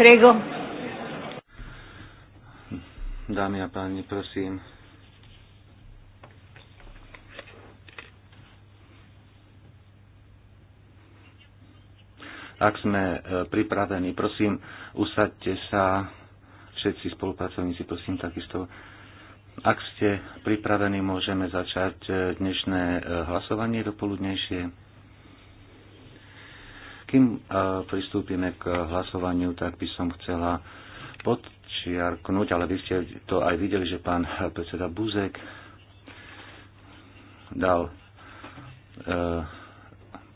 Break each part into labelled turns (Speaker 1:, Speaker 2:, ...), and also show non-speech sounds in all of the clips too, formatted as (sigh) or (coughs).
Speaker 1: Prego.
Speaker 2: Dámy a páni, prosím. Ak sme e, pripravení, prosím, usaďte sa, všetci spolupracovníci, prosím, takisto. Ak ste pripravení, môžeme začať e, dnešné e, hlasovanie dopoludnejšie. Kým e, pristúpime k hlasovaniu, tak by som chcela podčiarknúť, ale vy ste to aj videli, že pán predseda Buzek dal e,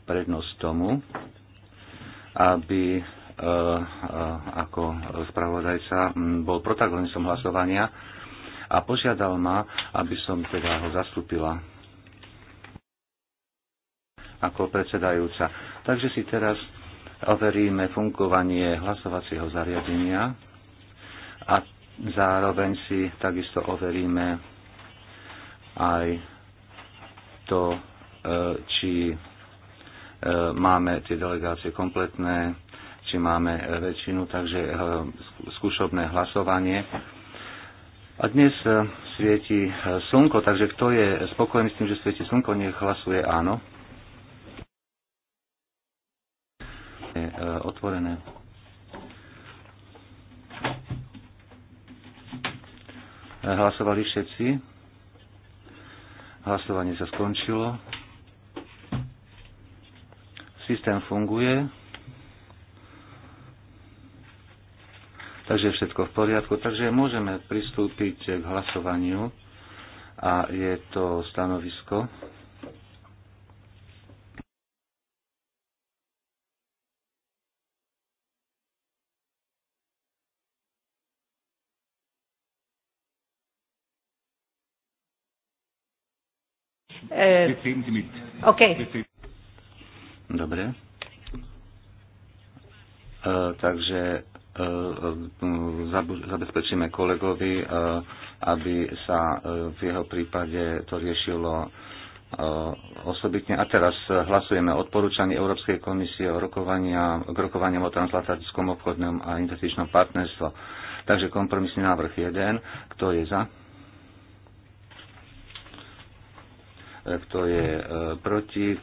Speaker 2: prednosť tomu, aby e, ako spravodajca bol protagonistom hlasovania a požiadal ma, aby som teda ho zastúpila ako predsedajúca. Takže si teraz overíme fungovanie hlasovacieho zariadenia a zároveň si takisto overíme aj to, e, či e, máme tie delegácie kompletné, či máme e, väčšinu, takže skúšobné hlasovanie. A dnes svieti slnko, takže kto je spokojný s tým, že svieti slnko, nech hlasuje áno. také e, otvorené. E, hlasovali všetci. Hlasovanie sa skončilo. Systém funguje. Takže je všetko v poriadku. Takže môžeme pristúpiť k hlasovaniu. A je to stanovisko
Speaker 3: Eh,
Speaker 1: OK.
Speaker 2: Dobre. Eh, takže eh, zabezpečíme kolegovi, aby sa v jeho prípade to riešilo osobitne. A teraz hlasujeme o odporúčaní Európskej komisie o rokovania, k rokovaniam o transatlantickom obchodnom a investičnom partnerstvo. Takže kompromisný návrh 1. Kto je za? kto je e, proti, e,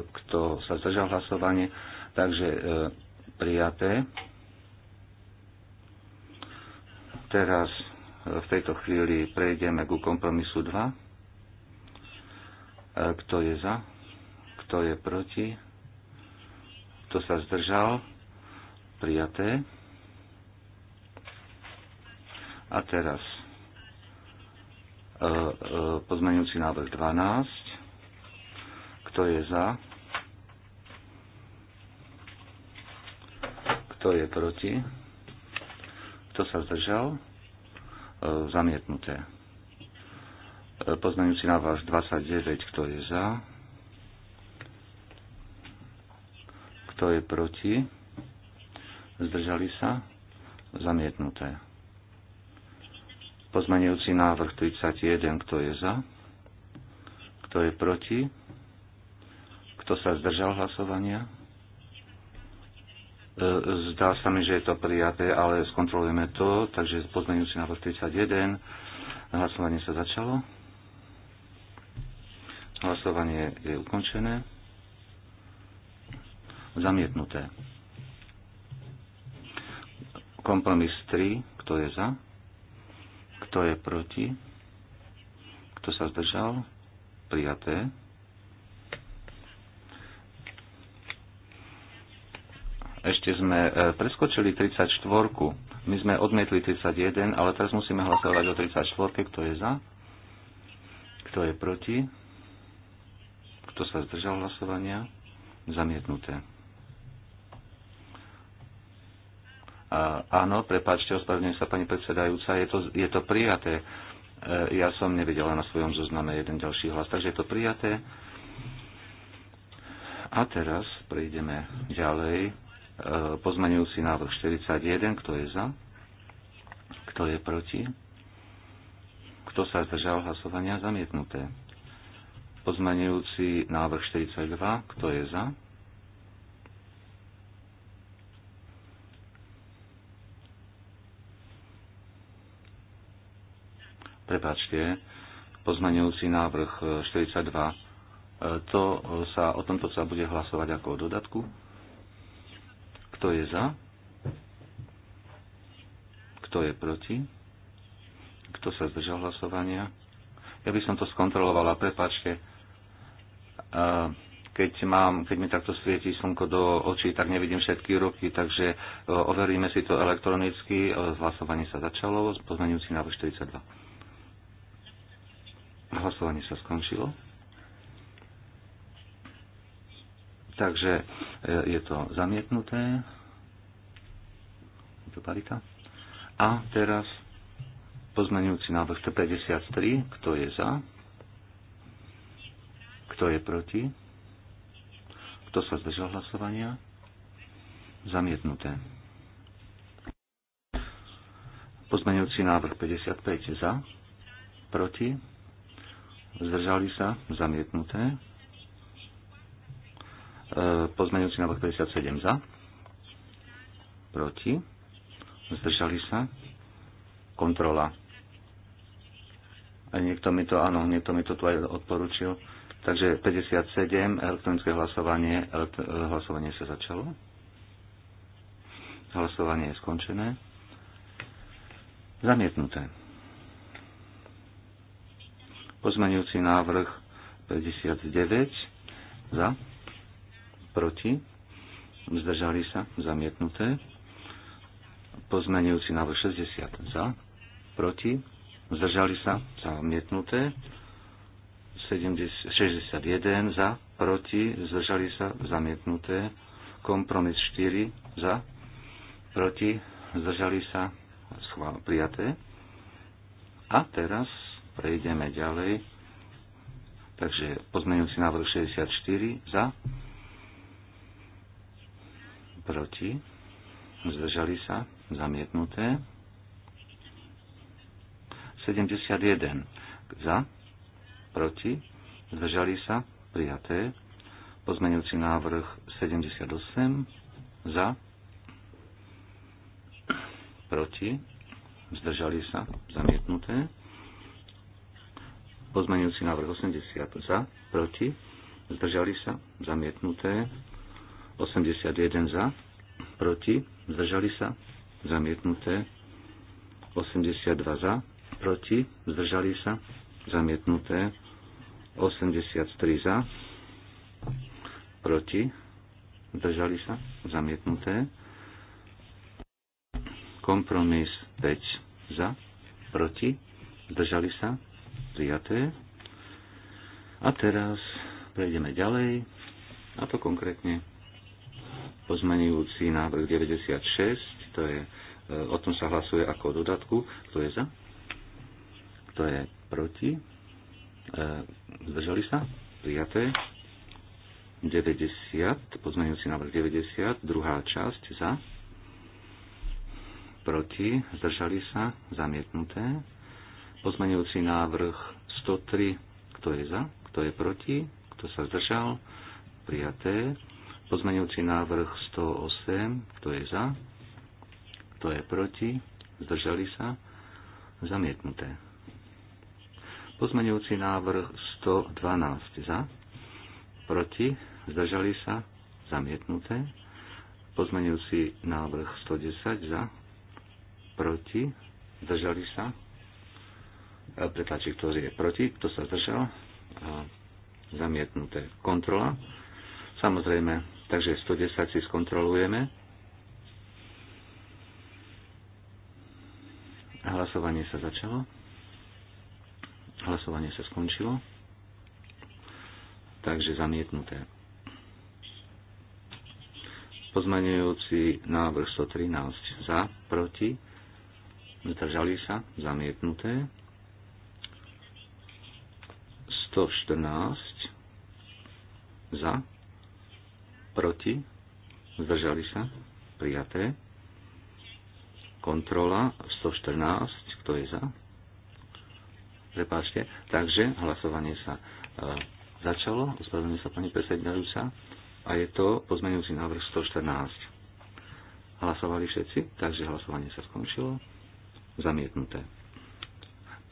Speaker 2: kto sa zdržal hlasovanie. Takže e, prijaté. Teraz v tejto chvíli prejdeme ku kompromisu 2. Kto je za? Kto je proti? Kto sa zdržal? Prijaté. A teraz pozmeňujúci návrh 12. Kto je za? Kto je proti? Kto sa zdržal? E, zamietnuté. E, pozmeňujúci návrh 29. Kto je za? Kto je proti? Zdržali sa? Zamietnuté. Pozmenujúci návrh 31, kto je za? Kto je proti? Kto sa zdržal hlasovania? E, zdá sa mi, že je to prijaté, ale skontrolujeme to. Takže pozmenujúci návrh 31. Hlasovanie sa začalo. Hlasovanie je ukončené. Zamietnuté. Kompromis 3. Kto je za? Kto je proti? Kto sa zdržal? Prijaté. Ešte sme e, preskočili 34. My sme odmietli 31, ale teraz musíme hlasovať o 34. Kto je za? Kto je proti? Kto sa zdržal hlasovania? Zamietnuté. áno, prepáčte, ospravedlňujem sa pani predsedajúca, je to, je to prijaté. E, ja som nevidela na svojom zozname jeden ďalší hlas, takže je to prijaté. A teraz prejdeme ďalej. E, pozmenujúci návrh 41, kto je za? Kto je proti? Kto sa zdržal hlasovania? Zamietnuté. Pozmenujúci návrh 42, kto je za? prepáčte, pozmenujúci návrh 42. E, e, to sa, o tomto sa bude hlasovať ako o dodatku. Kto je za? Kto je proti? Kto sa zdržal hlasovania? Ja by som to skontrolovala, prepačte. E, keď, mám, keď mi takto svieti slnko do očí, tak nevidím všetky ruky, takže overíme si to elektronicky. Hlasovanie sa začalo, pozmenujúci návrh 42. Hlasovanie sa skončilo. Takže e, je to zamietnuté. Je to parita. A teraz pozmenujúci návrh 53. Kto je za? Kto je proti? Kto sa zdržal hlasovania? Zamietnuté. Pozmenujúci návrh 55 za, proti Zdržali sa? Zamietnuté. E, pozmeňujúci návrh 57 za. Proti. Zdržali sa? Kontrola. A e, niekto mi to, áno, niekto mi to tu aj odporučil. Takže 57, elektronické hlasovanie, elekt- e, hlasovanie sa začalo. Hlasovanie je skončené. Zamietnuté. Pozmeňujúci návrh 59 za, proti, zdržali sa, zamietnuté. Pozmeňujúci návrh 60 za, proti, zdržali sa, zamietnuté. 70, 61 za, proti, zdržali sa, zamietnuté. Kompromis 4 za, proti, zdržali sa, schvál, prijaté. A teraz Prejdeme ďalej. Takže pozmeňujúci návrh 64 za, proti, zdržali sa, zamietnuté. 71 za, proti, zdržali sa, prijaté. Pozmeňujúci návrh 78 za, proti, zdržali sa, zamietnuté. Pozmenujúci návrh 80 za, proti, zdržali sa, zamietnuté. 81 za, proti, zdržali sa, zamietnuté. 82 za, proti, zdržali sa, zamietnuté. 83 za, proti, zdržali sa, zamietnuté. Kompromis 5 za, proti, zdržali sa, prijaté. A teraz prejdeme ďalej, a to konkrétne pozmenujúci návrh 96, to je, e, o tom sa hlasuje ako o dodatku, kto je za, kto je proti, e, zdržali sa, prijaté, 90, pozmenujúci návrh 90, druhá časť za, proti, zdržali sa, zamietnuté, Pozmenujúci návrh 103. Kto je za? Kto je proti? Kto sa zdržal? Prijaté. Pozmenujúci návrh 108. Kto je za? Kto je proti? Zdržali sa? Zamietnuté. Pozmeňujúci návrh 112. Za? Proti? Zdržali sa? Zamietnuté. Pozmenujúci návrh 110. Za? Proti? Zdržali sa? pretlačí, kto je proti, kto sa zdržal, zamietnuté kontrola. Samozrejme, takže 110 si skontrolujeme. Hlasovanie sa začalo. Hlasovanie sa skončilo. Takže zamietnuté. Pozmenujúci návrh 113 za, proti, zdržali sa, zamietnuté. 114 za, proti, zdržali sa, prijaté. Kontrola 114, kto je za? Prepáčte. Takže hlasovanie sa e, začalo, Ospravedlňujem sa pani predsedajúca a je to pozmeňujúci návrh 114. Hlasovali všetci, takže hlasovanie sa skončilo. Zamietnuté.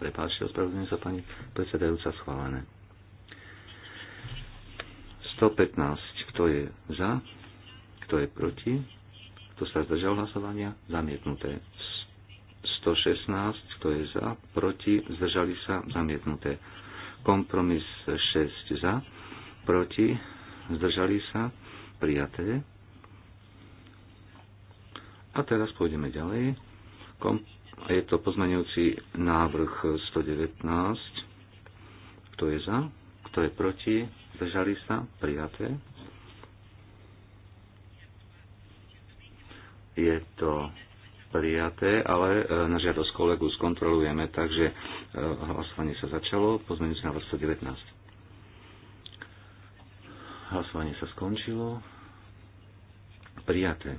Speaker 2: Prepáčte, ospravedlňujem sa pani predsedajúca schválené. 115. Kto je za? Kto je proti? Kto sa zdržal hlasovania? Zamietnuté. 116. Kto je za? Proti? Zdržali sa? Zamietnuté. Kompromis 6 za. Proti? Zdržali sa? Prijaté. A teraz pôjdeme ďalej. Kompromis je to poznaniujúci návrh 119. Kto je za? Kto je proti? Zdržali sa? Prijaté. Je to prijaté, ale e, na žiadosť kolegu skontrolujeme, takže e, hlasovanie sa začalo, pozmeňujúci návrh 119. Hlasovanie sa skončilo. Prijaté.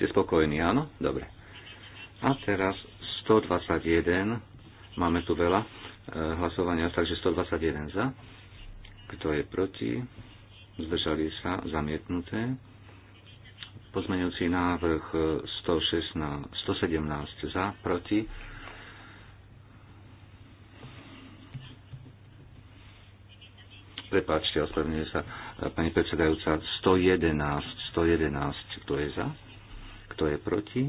Speaker 2: Ste spokojní, áno? Dobre. A teraz 121. Máme tu veľa e, hlasovania, takže 121 za. Kto je proti? Zdržali sa zamietnuté. Pozmeňujúci návrh 116, 117 za, proti. Prepáčte, ospravedlňuje sa e, pani predsedajúca. 111, 111, kto je za? Kto je proti?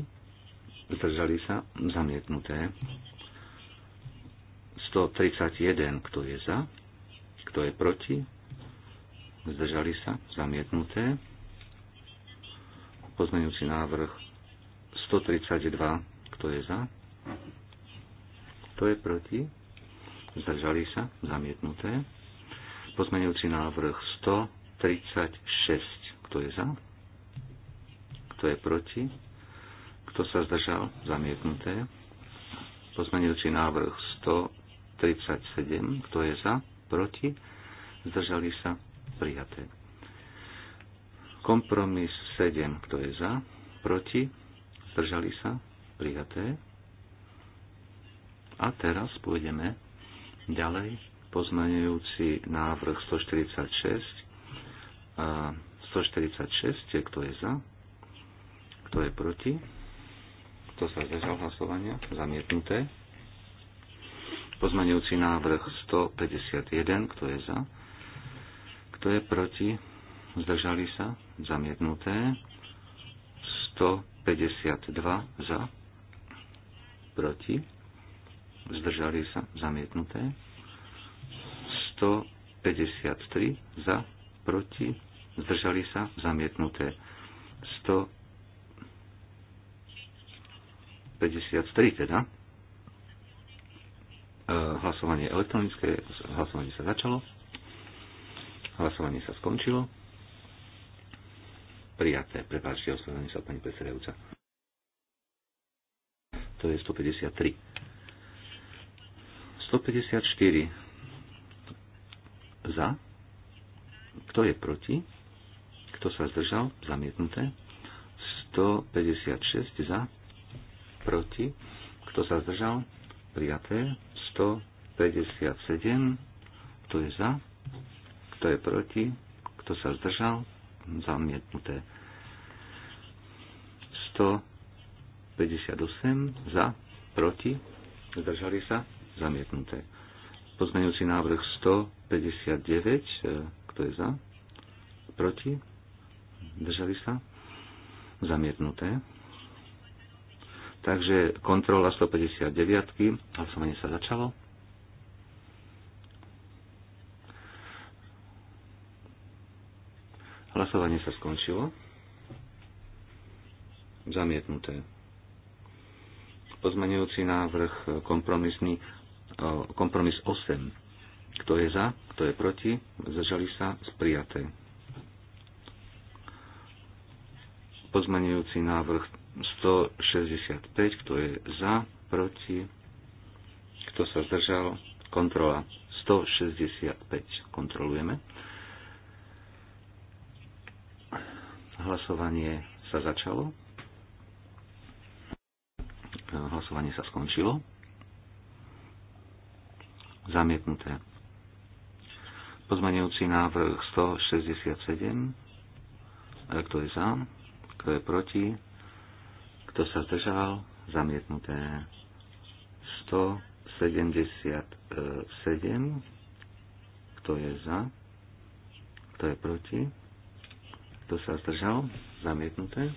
Speaker 2: Zdržali sa? Zamietnuté. 131. Kto je za? Kto je proti? Zdržali sa? Zamietnuté. Pozmeňujúci návrh 132. Kto je za? Kto je proti? Zdržali sa? Zamietnuté. Pozmeňujúci návrh 136. Kto je za? Kto je proti? Kto sa zdržal? Zamietnuté. Pozmenujúci návrh 137. Kto je za? Proti? Zdržali sa? Prijaté. Kompromis 7. Kto je za? Proti? Zdržali sa? Prijaté. A teraz pôjdeme ďalej. Pozmenujúci návrh 146. A 146, kto je za? Kto je proti? Kto sa zdržal hlasovania? Zamietnuté. Pozmaňujúci návrh 151. Kto je za? Kto je proti? Zdržali sa? Zamietnuté. 152 za. Proti. Zdržali sa? Zamietnuté. 153 za. Proti. Zdržali sa? Zamietnuté. 100 53 teda. E, hlasovanie elektronické, hlasovanie sa začalo. Hlasovanie sa skončilo. Prijaté, prepáčte, oslovení sa pani predsedajúca. To je 153. 154 za. Kto je proti? Kto sa zdržal? Zamietnuté. 156 za proti, kto sa zdržal, prijaté, 157, kto je za, kto je proti, kto sa zdržal, zamietnuté. 158 za, proti, zdržali sa, zamietnuté. Pozmeňujúci návrh 159, kto je za, proti, zdržali sa, zamietnuté. Takže kontrola 159. Hlasovanie sa začalo. Hlasovanie sa skončilo. Zamietnuté. Pozmenujúci návrh kompromisný, e, kompromis 8. Kto je za, kto je proti, zažali sa, sprijaté. Pozmenujúci návrh 165, kto je za, proti, kto sa zdržal, kontrola. 165 kontrolujeme. Hlasovanie sa začalo. Hlasovanie sa skončilo. Zamietnuté. Pozmenujúci návrh 167. Kto je za? Kto je proti? Kto sa zdržal? Zamietnuté. 177. Kto je za? Kto je proti? Kto sa zdržal? Zamietnuté.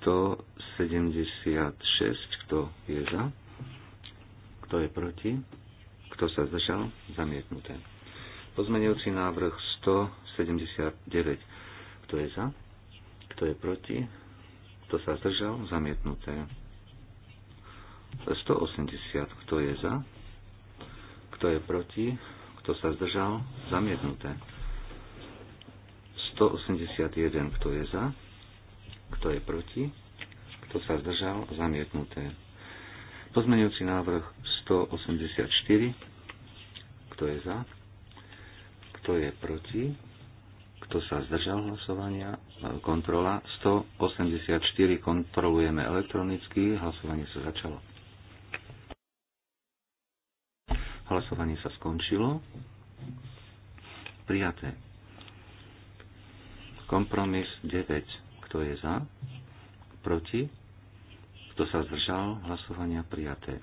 Speaker 2: 176. Kto je za? Kto je proti? Kto sa zdržal? Zamietnuté. Pozmenujúci návrh 179. Kto je za? Kto je proti? Kto sa zdržal? Zamietnuté. 180. Kto je za? Kto je proti? Kto sa zdržal? Zamietnuté. 181. Kto je za? Kto je proti? Kto sa zdržal? Zamietnuté. Pozmeňujúci návrh 184. Kto je za? Kto je proti? Kto sa zdržal hlasovania? Kontrola. 184 kontrolujeme elektronicky. Hlasovanie sa začalo. Hlasovanie sa skončilo. Prijaté. Kompromis 9. Kto je za? Proti? Kto sa zdržal? Hlasovania prijaté.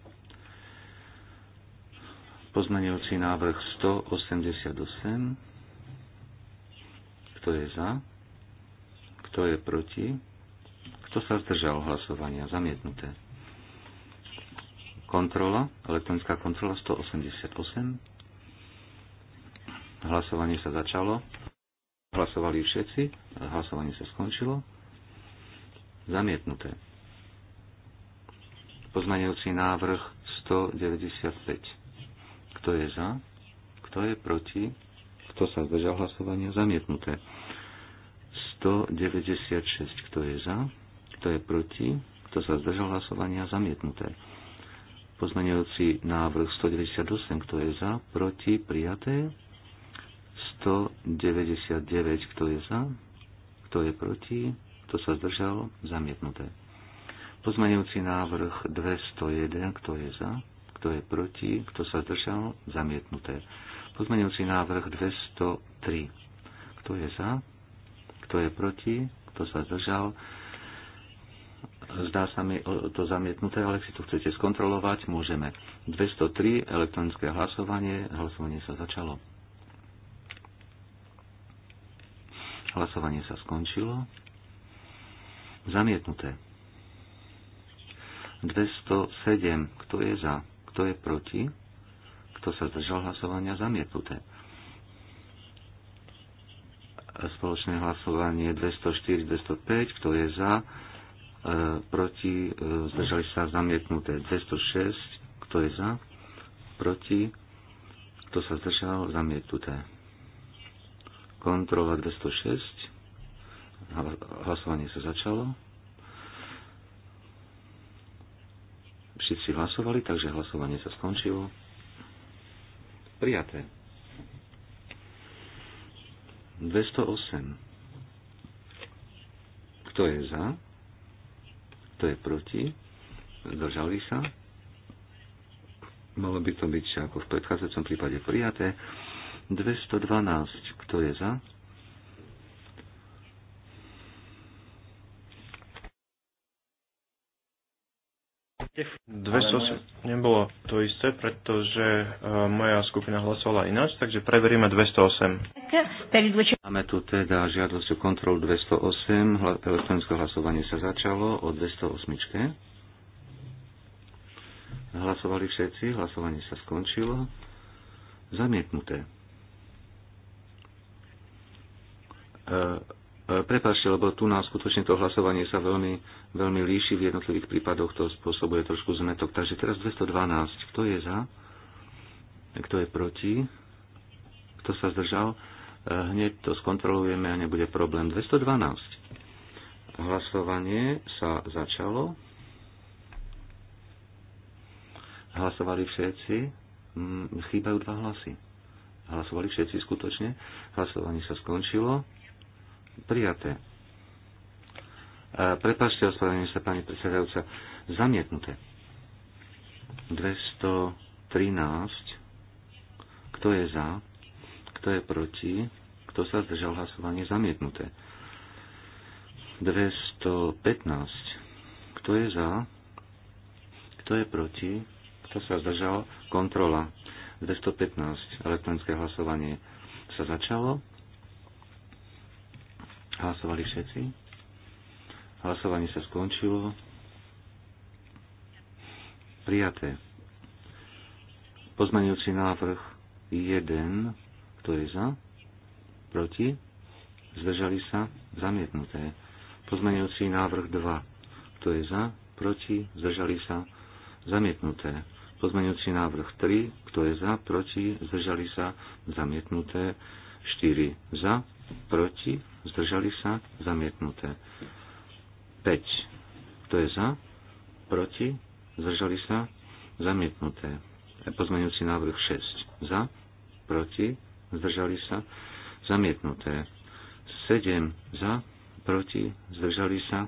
Speaker 2: Pozmenujúci návrh 188. Kto je za? Kto je proti? Kto sa zdržal hlasovania? Zamietnuté. Kontrola, elektronická kontrola 188. Hlasovanie sa začalo. Hlasovali všetci. Hlasovanie sa skončilo. Zamietnuté. Poznajúci návrh 195. Kto je za? Kto je proti? Kto sa zdržal hlasovania? Zamietnuté. 196. Kto je za? Kto je proti? Kto sa zdržal hlasovania? Zamietnuté. Pozmeňujúci návrh 198. Kto je za? Proti? Prijaté? 199. Kto je za? Kto je proti? Kto sa zdržal? Zamietnuté. Pozmeňujúci návrh 201. Kto je za? Kto je proti? Kto sa zdržal? Zamietnuté. Pozmeňujúci návrh 203. Kto je za? Kto je proti? Kto sa zdržal? Zdá sa mi to zamietnuté, ale ak si to chcete skontrolovať, môžeme. 203, elektronické hlasovanie. Hlasovanie sa začalo. Hlasovanie sa skončilo. Zamietnuté. 207. Kto je za? Kto je proti? Kto sa zdržal hlasovania? Zamietnuté spoločné hlasovanie 204-205, kto je za, e, proti, e, zdržali sa zamietnuté 206, kto je za, proti, kto sa zdržal, zamietnuté. Kontrola 206, hlasovanie sa začalo. Všetci hlasovali, takže hlasovanie sa skončilo. Prijaté. 208. Kto je za? Kto je proti? Zdržali sa? Malo by to byť ako v predchádzajúcom prípade prijaté. 212. Kto je za?
Speaker 1: Dve
Speaker 3: nebolo to isté, pretože e, moja skupina hlasovala ináč, takže preveríme 208. Máme tu teda žiadosť o kontrolu
Speaker 2: 208. Elektronické hlasovanie sa začalo o 208. Hlasovali všetci, hlasovanie sa skončilo. Zamietnuté. E, e, prepašte, lebo tu na skutočne to hlasovanie sa veľmi veľmi líši v jednotlivých prípadoch, to spôsobuje trošku zmetok. Takže teraz 212. Kto je za? Kto je proti? Kto sa zdržal? E, hneď to skontrolujeme a nebude problém. 212. Hlasovanie sa začalo. Hlasovali všetci. Mm, chýbajú dva hlasy. Hlasovali všetci skutočne. Hlasovanie sa skončilo. Prijaté. Prepašte, ospravedlňujem sa, pani predsedajúca. Zamietnuté. 213. Kto je za? Kto je proti? Kto sa zdržal hlasovanie? Zamietnuté. 215. Kto je za? Kto je proti? Kto sa zdržal? Kontrola. 215. Elektronické hlasovanie sa začalo. Hlasovali všetci. Hlasovanie sa skončilo. Prijaté. Pozmeňujúci návrh 1. Kto je za? Proti? Zdržali sa? Zamietnuté. Pozmeňujúci návrh 2. Kto je za? Proti? Zdržali sa? Zamietnuté. Pozmeňujúci návrh 3. Kto je za? Proti? Zdržali sa? Zamietnuté. 4. Za? Proti? Zdržali sa? Zamietnuté. 5. Kto je za? Proti? Zdržali sa? Zamietnuté. Pozmeňujúci návrh 6. Za? Proti? Zdržali sa? Zamietnuté. 7. Za? Proti? Zdržali sa?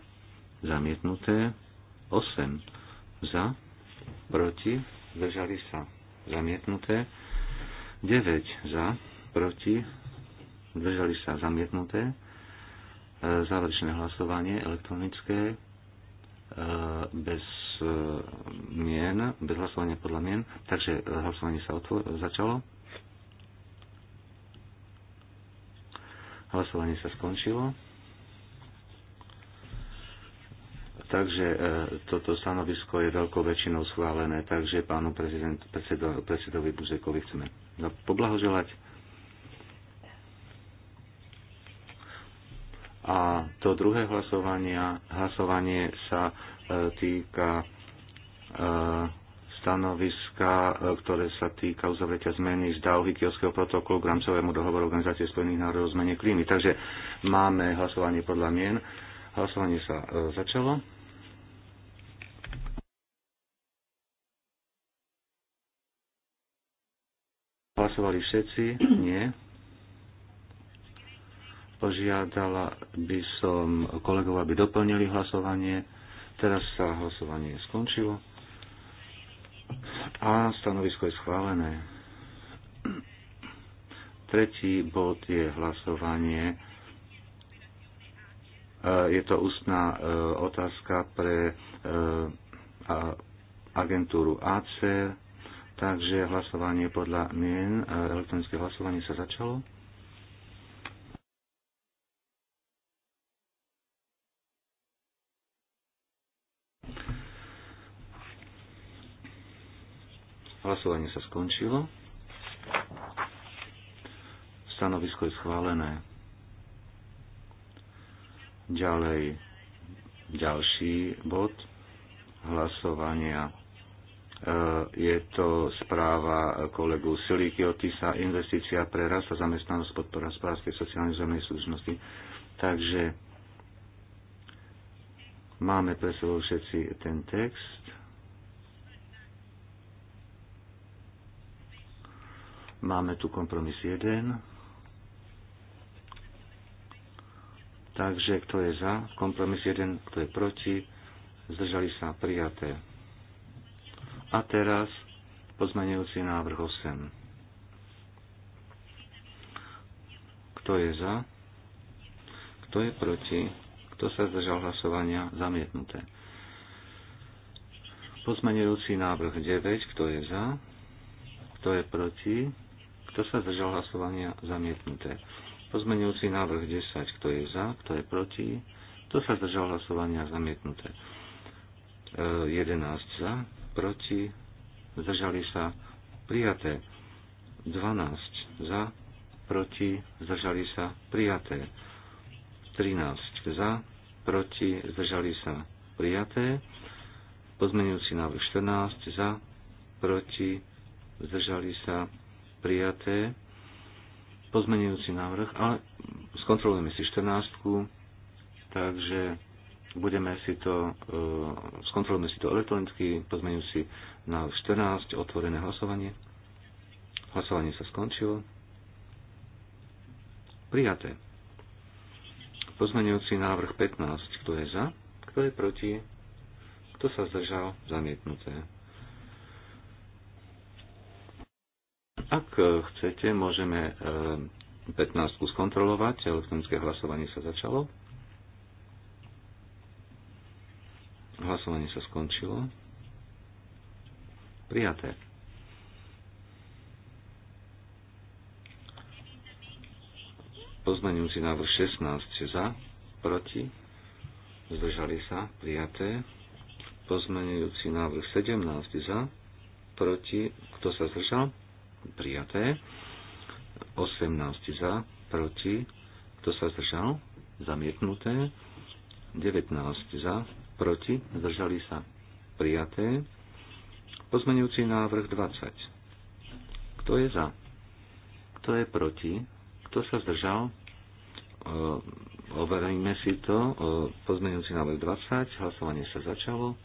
Speaker 2: Zamietnuté. 8. Za? Proti? Zdržali sa? Zamietnuté. 9. Za? Proti? Zdržali sa? Zamietnuté. E, záverečné hlasovanie elektronické e, bez e, mien, bez hlasovania podľa mien. Takže hlasovanie sa otvor- začalo. Hlasovanie sa skončilo. Takže e, toto stanovisko je veľkou väčšinou schválené, takže pánu prezident, predsedo, predsedovi Buzekovi chceme no, poblahoželať. A to druhé hlasovanie. hlasovanie sa e, týka e, stanoviska, e, ktoré sa týka uzavretia zmeny z Dauhy Kielského protokolu k rámcovému dohovoru Organizácie spojených národov o zmene klímy. Takže máme hlasovanie podľa mien. Hlasovanie sa začalo. Hlasovali všetci? Nie. Požiadala by som kolegov, aby doplnili hlasovanie. Teraz sa hlasovanie skončilo. A stanovisko je schválené. Tretí bod je hlasovanie. E, je to ústná e, otázka pre e, agentúru AC, takže hlasovanie podľa mien, elektronické hlasovanie sa začalo. Hlasovanie sa skončilo. Stanovisko je schválené. Ďalej ďalší bod hlasovania. E, je to správa kolegu Silíky Otisa, investícia pre rast a zamestnanosť podpora hospodárskej sociálnej zemnej súčnosti. Takže máme pre sebou všetci ten text. Máme tu kompromis 1. Takže kto je za? Kompromis 1, kto je proti? Zdržali sa prijaté. A teraz pozmenujúci návrh 8. Kto je za? Kto je proti? Kto sa zdržal hlasovania? Zamietnuté. Pozmenujúci návrh 9. Kto je za? Kto je proti? Kto sa zdržal hlasovania? Zamietnuté. Pozmenujúci návrh 10. Kto je za? Kto je proti? Kto sa zdržal hlasovania? Zamietnuté. 11 e, za, proti, zdržali sa, prijaté. 12 za, proti, zdržali sa, prijaté. 13 za, proti, zdržali sa, prijaté. Pozmenujúci návrh 14 za, proti, zdržali sa, prijaté. Pozmenujúci návrh, ale skontrolujeme si 14, takže budeme si to, e, skontrolujeme si to elektronicky, pozmenujúci na 14, otvorené hlasovanie. Hlasovanie sa skončilo. Prijaté. Pozmenujúci návrh 15, kto je za, kto je proti, kto sa zdržal, zamietnuté. Ak e, chcete, môžeme 15 e, skontrolovať. Elektronické hlasovanie sa začalo. Hlasovanie sa skončilo. Prijaté. si návrh 16 za, proti, zdržali sa, prijaté. Pozmenujúci návrh 17 za, proti, kto sa zdržal, prijaté. 18 za, proti, kto sa zdržal, zamietnuté. 19 za, proti, zdržali sa, prijaté. Pozmenujúci návrh 20. Kto je za? Kto je proti? Kto sa zdržal? overíme si to. pozmenujúci návrh 20, hlasovanie sa začalo.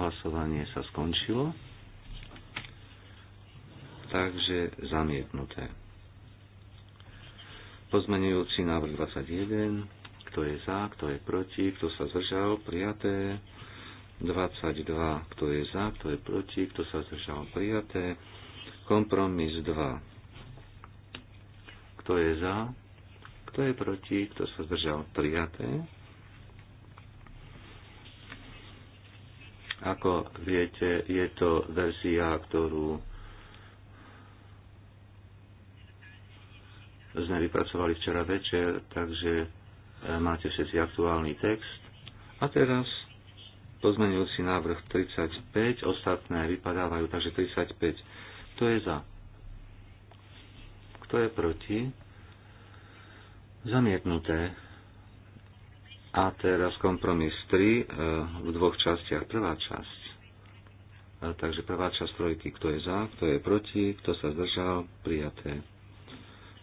Speaker 2: Hlasovanie sa skončilo takže zamietnuté. Pozmenujúci návrh 21, kto je za, kto je proti, kto sa zdržal, prijaté. 22, kto je za, kto je proti, kto sa zdržal prijaté. Kompromis 2. Kto je za, kto je proti, kto sa zdržal prijaté. Ako viete, je to verzia, ktorú sme vypracovali včera večer, takže e, máte všetci aktuálny text. A teraz si návrh 35, ostatné vypadávajú, takže 35. Kto je za? Kto je proti? Zamietnuté. A teraz kompromis 3 e, v dvoch častiach. Prvá časť. E, takže prvá časť trojky, kto je za, kto je proti, kto sa zdržal, prijaté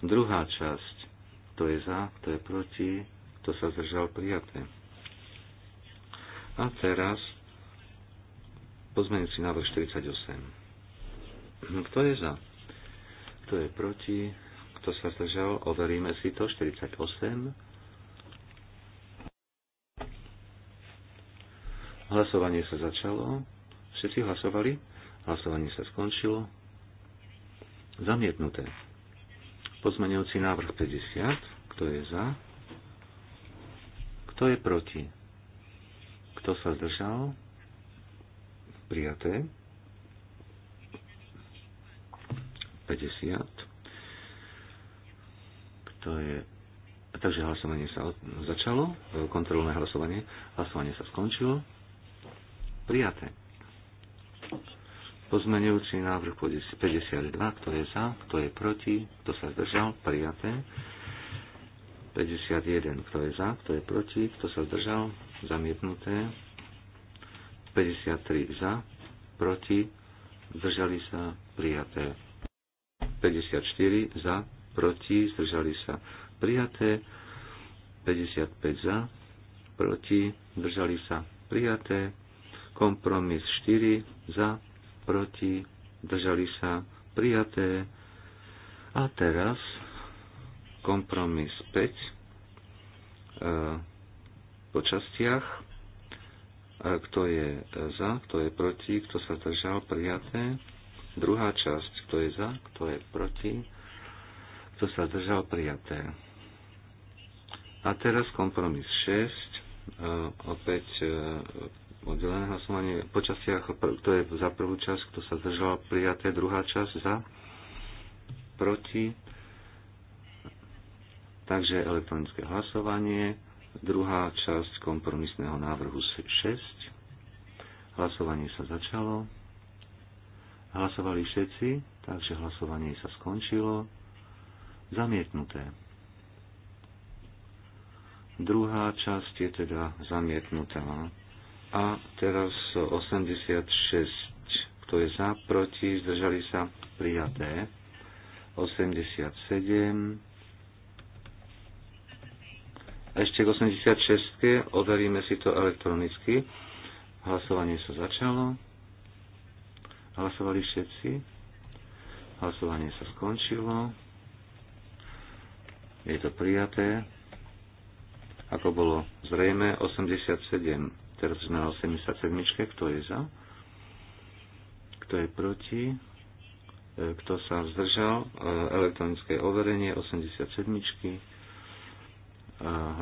Speaker 2: Druhá časť. To je za, kto je proti, kto sa zdržal prijaté. A teraz pozmeňujúci návrh 48. Kto je za? Kto je proti? Kto sa zdržal? Overíme si to. 48. Hlasovanie sa začalo. Všetci hlasovali. Hlasovanie sa skončilo. Zamietnuté. Pozmeňujúci návrh 50. Kto je za? Kto je proti? Kto sa zdržal? Prijaté. 50. Kto je... Takže hlasovanie sa začalo, kontrolné hlasovanie. Hlasovanie sa skončilo. Prijaté. Pozmenujúci návrh 52, kto je za, kto je proti, kto sa zdržal, prijaté. 51, kto je za, kto je proti, kto sa zdržal, zamietnuté. 53 za, proti, zdržali sa, prijaté. 54 za, proti, zdržali sa, prijaté. 55 za, proti, zdržali sa, prijaté. Kompromis 4 za, proti, držali sa prijaté. A teraz kompromis 5 e, po častiach. E, kto je za, kto je proti, kto sa držal, prijaté. Druhá časť, kto je za, kto je proti, kto sa držal, prijaté. A teraz kompromis 6, e, opäť e, Oddelené hlasovanie po častiach, to je za prvú časť, kto sa zdržal prijaté, druhá časť za, proti. Takže elektronické hlasovanie, druhá časť kompromisného návrhu 6. Hlasovanie sa začalo. Hlasovali všetci, takže hlasovanie sa skončilo. Zamietnuté. Druhá časť je teda zamietnutá. A teraz 86, kto je za, proti, zdržali sa, prijaté. 87. Ešte k 86. Overíme si to elektronicky. Hlasovanie sa začalo. Hlasovali všetci. Hlasovanie sa skončilo. Je to prijaté. Ako bolo zrejme, 87 Teraz sme na 87. Kto je za? Kto je proti? E, kto sa zdržal? E, elektronické overenie 87.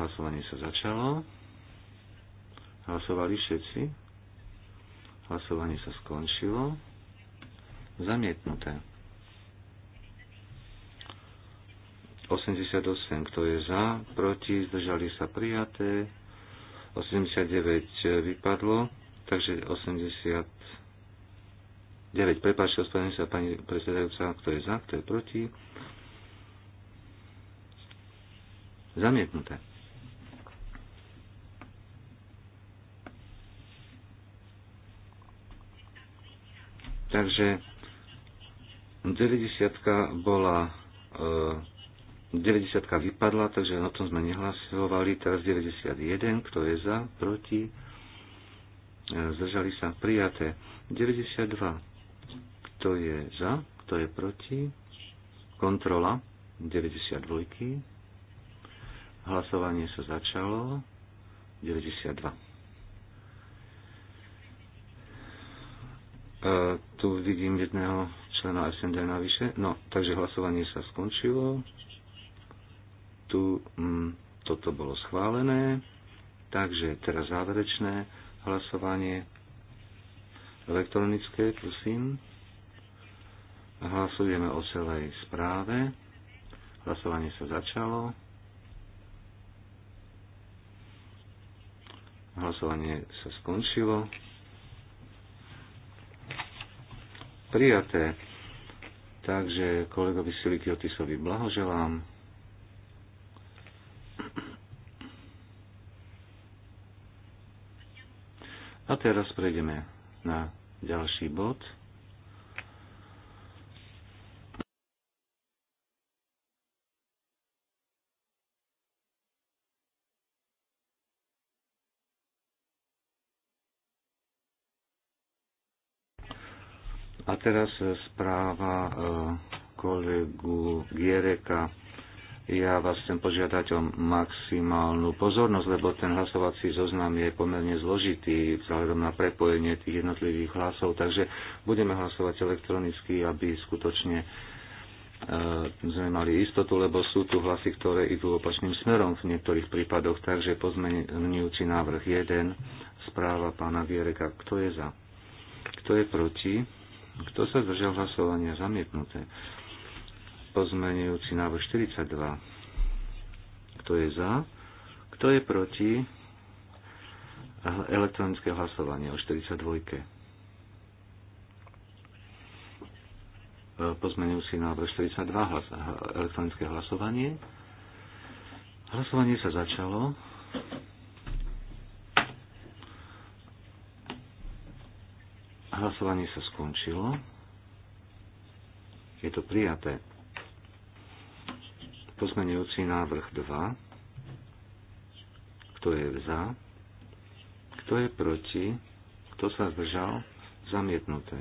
Speaker 2: Hlasovanie sa začalo. Hlasovali všetci. Hlasovanie sa skončilo. Zamietnuté. 88. Kto je za? Proti? Zdržali sa prijaté. 89 vypadlo, takže 89, prepáčte, ospravedlňujem sa pani predsedajúca, kto je za, kto je proti. Zamietnuté. Takže 90 bola e, 90 vypadla, takže o tom sme nehlasovali. Teraz 91, kto je za, proti, e, zdržali sa prijaté. 92, kto je za, kto je proti, kontrola 92. Hlasovanie sa začalo 92. E, tu vidím jedného člena SND navyše. No, takže hlasovanie sa skončilo tu hm, toto bolo schválené, takže teraz záverečné hlasovanie elektronické, prosím. Hlasujeme o celej správe. Hlasovanie sa začalo. Hlasovanie sa skončilo. Prijaté. Takže kolegovi Silikiotisovi blahoželám. A teraz prejdeme na ďalší bod. A teraz správa eh, kolegu Giereka ja vás chcem požiadať o maximálnu pozornosť, lebo ten hlasovací zoznam je pomerne zložitý vzhľadom na prepojenie tých jednotlivých hlasov, takže budeme hlasovať elektronicky, aby skutočne e, sme mali istotu, lebo sú tu hlasy, ktoré idú opačným smerom v niektorých prípadoch, takže pozmenujúci návrh 1, správa pána Viereka, kto je za, kto je proti, kto sa zdržal hlasovania zamietnuté. Pozmenujúci návrh 42. Kto je za? Kto je proti? Elektronické hlasovanie o 42. pozmenujúci návrh 42, hlas, elektronické hlasovanie. Hlasovanie sa začalo. Hlasovanie sa skončilo. Je to prijaté pozmeňujúci návrh 2. Kto je za? Kto je proti? Kto sa zdržal? Zamietnuté.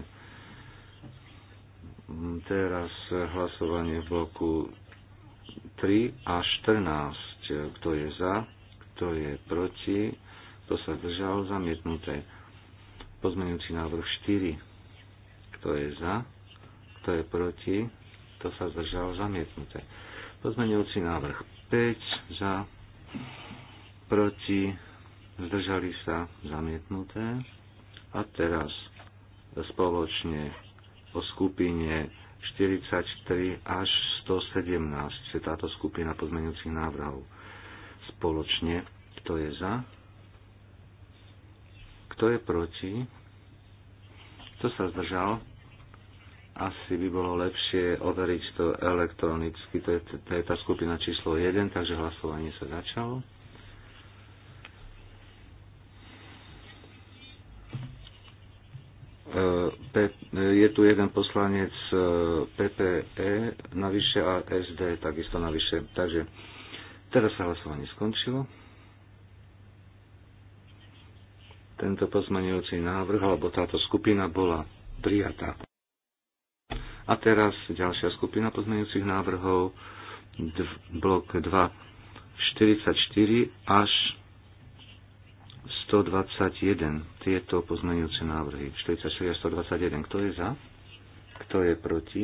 Speaker 2: Mm, teraz hlasovanie v bloku 3 a 14. Kto je za? Kto je proti? Kto sa zdržal? Zamietnuté. Pozmeňujúci návrh 4. Kto je za? Kto je proti? Kto sa zdržal? Zamietnuté. Pozmeňujúci návrh 5 za, proti, zdržali sa zamietnuté. A teraz spoločne o skupine 43 až 117 je táto skupina pozmeňujúcich návrhov. Spoločne, kto je za, kto je proti, kto sa zdržal, asi by bolo lepšie overiť to elektronicky. To je, to je tá skupina číslo 1, takže hlasovanie sa začalo. E, je tu jeden poslanec PPE e, navyše a SD takisto navyše. Takže teraz sa hlasovanie skončilo. Tento pozmenujúci návrh alebo táto skupina bola prijatá. A teraz ďalšia skupina pozmeňujúcich návrhov, dv, blok 2, 44 až 121. Tieto pozmeňujúce návrhy. 44 až 121. Kto je za? Kto je proti?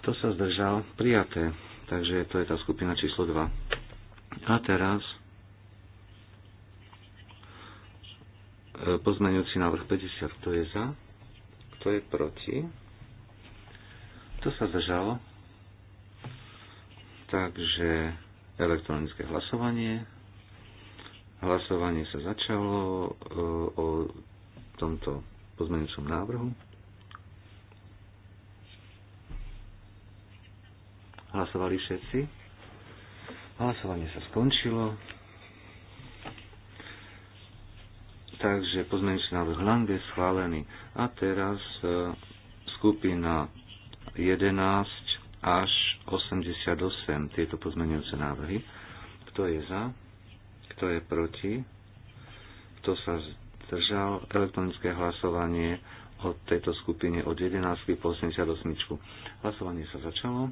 Speaker 2: Kto sa zdržal? Prijaté. Takže to je tá skupina číslo 2. A teraz e, pozmeňujúci návrh 50. Kto je za? Kto je proti? Kto sa zdržal? Takže elektronické hlasovanie. Hlasovanie sa začalo e, o tomto pozmeňujúcom návrhu. Hlasovali všetci. Hlasovanie sa skončilo. Takže pozmeňujúci návrh Lange schválený. A teraz e, skupina 11 až 88, tieto pozmenujúce návrhy. Kto je za? Kto je proti? Kto sa zdržal? Elektronické hlasovanie od tejto skupine od 11 po 88. Hlasovanie sa začalo.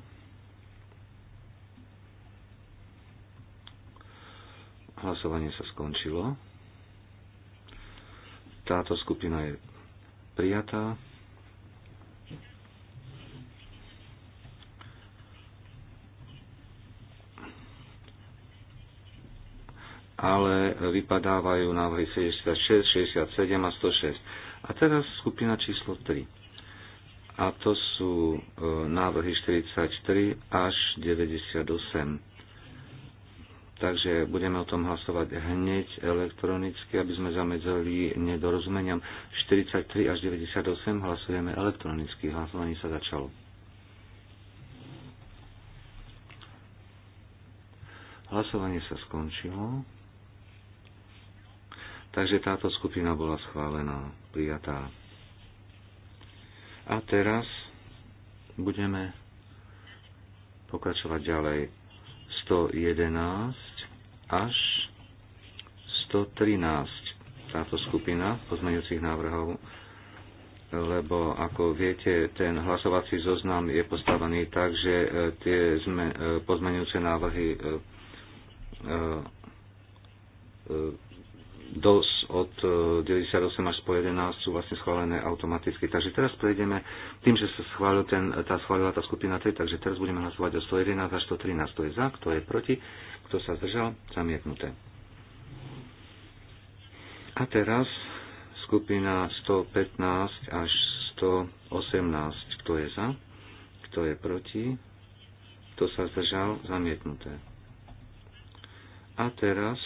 Speaker 2: Hlasovanie sa skončilo. Táto skupina je prijatá. ale vypadávajú návrhy 66, 67 a 106. A teraz skupina číslo 3. A to sú e, návrhy 44 až 98. Takže budeme o tom hlasovať hneď elektronicky, aby sme zamedzili nedorozumeniam. 43 až 98 hlasujeme elektronicky. Hlasovanie sa začalo. Hlasovanie sa skončilo. Takže táto skupina bola schválená, prijatá. A teraz budeme pokračovať ďalej 111 až 113 táto skupina pozmeňujúcich návrhov, lebo ako viete, ten hlasovací zoznam je postavený, tak, že e, tie e, pozmeňujúce návrhy e, DOS od 98 e, až po 11 sú vlastne schválené automaticky. Takže teraz prejdeme, tým, že sa schválil ten, tá schválila tá skupina 3, takže teraz budeme hlasovať o 111 až 113. To je za, kto je proti, kto sa zdržal, zamietnuté. A teraz skupina 115 až 118. Kto je za? Kto je proti? Kto sa zdržal? Zamietnuté. A teraz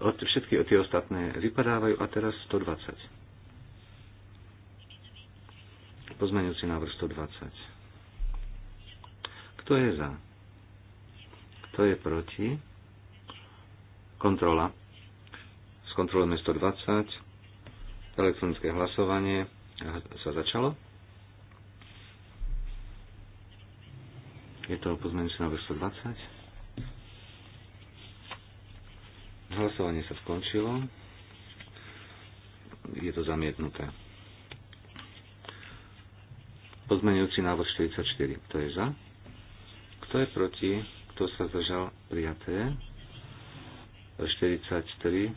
Speaker 2: od, všetky tie ostatné vypadávajú a teraz 120. Pozmeňujúci návrh 120. Kto je za? Kto je proti? Kontrola. Skontrolujeme 120. Elektronické hlasovanie sa začalo. Je to pozmeňujúci návrh 120. Hlasovanie sa skončilo. Je to zamietnuté. Pozmenujúci návrh 44. Kto je za? Kto je proti? Kto sa zdržal? Prijaté. 43.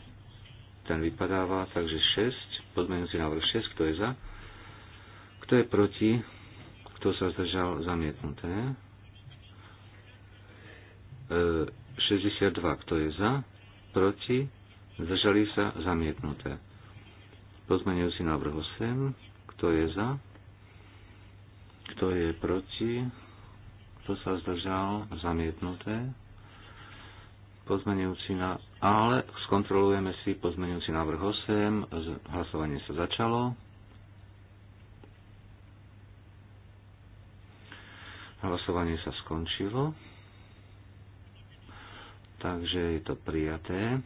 Speaker 2: Ten vypadáva, takže 6. Pozmenujúci návrh 6. Kto je za? Kto je proti? Kto sa zdržal? Zamietnuté. 62. E, Kto je za? proti, zdržali sa, zamietnuté. Pozmenujúci návrh 8, kto je za, kto je proti, kto sa zdržal, zamietnuté. Pozmenujúci na... Ale skontrolujeme si pozmenujúci návrh 8, hlasovanie sa začalo. Hlasovanie sa skončilo. Takže je to prijaté.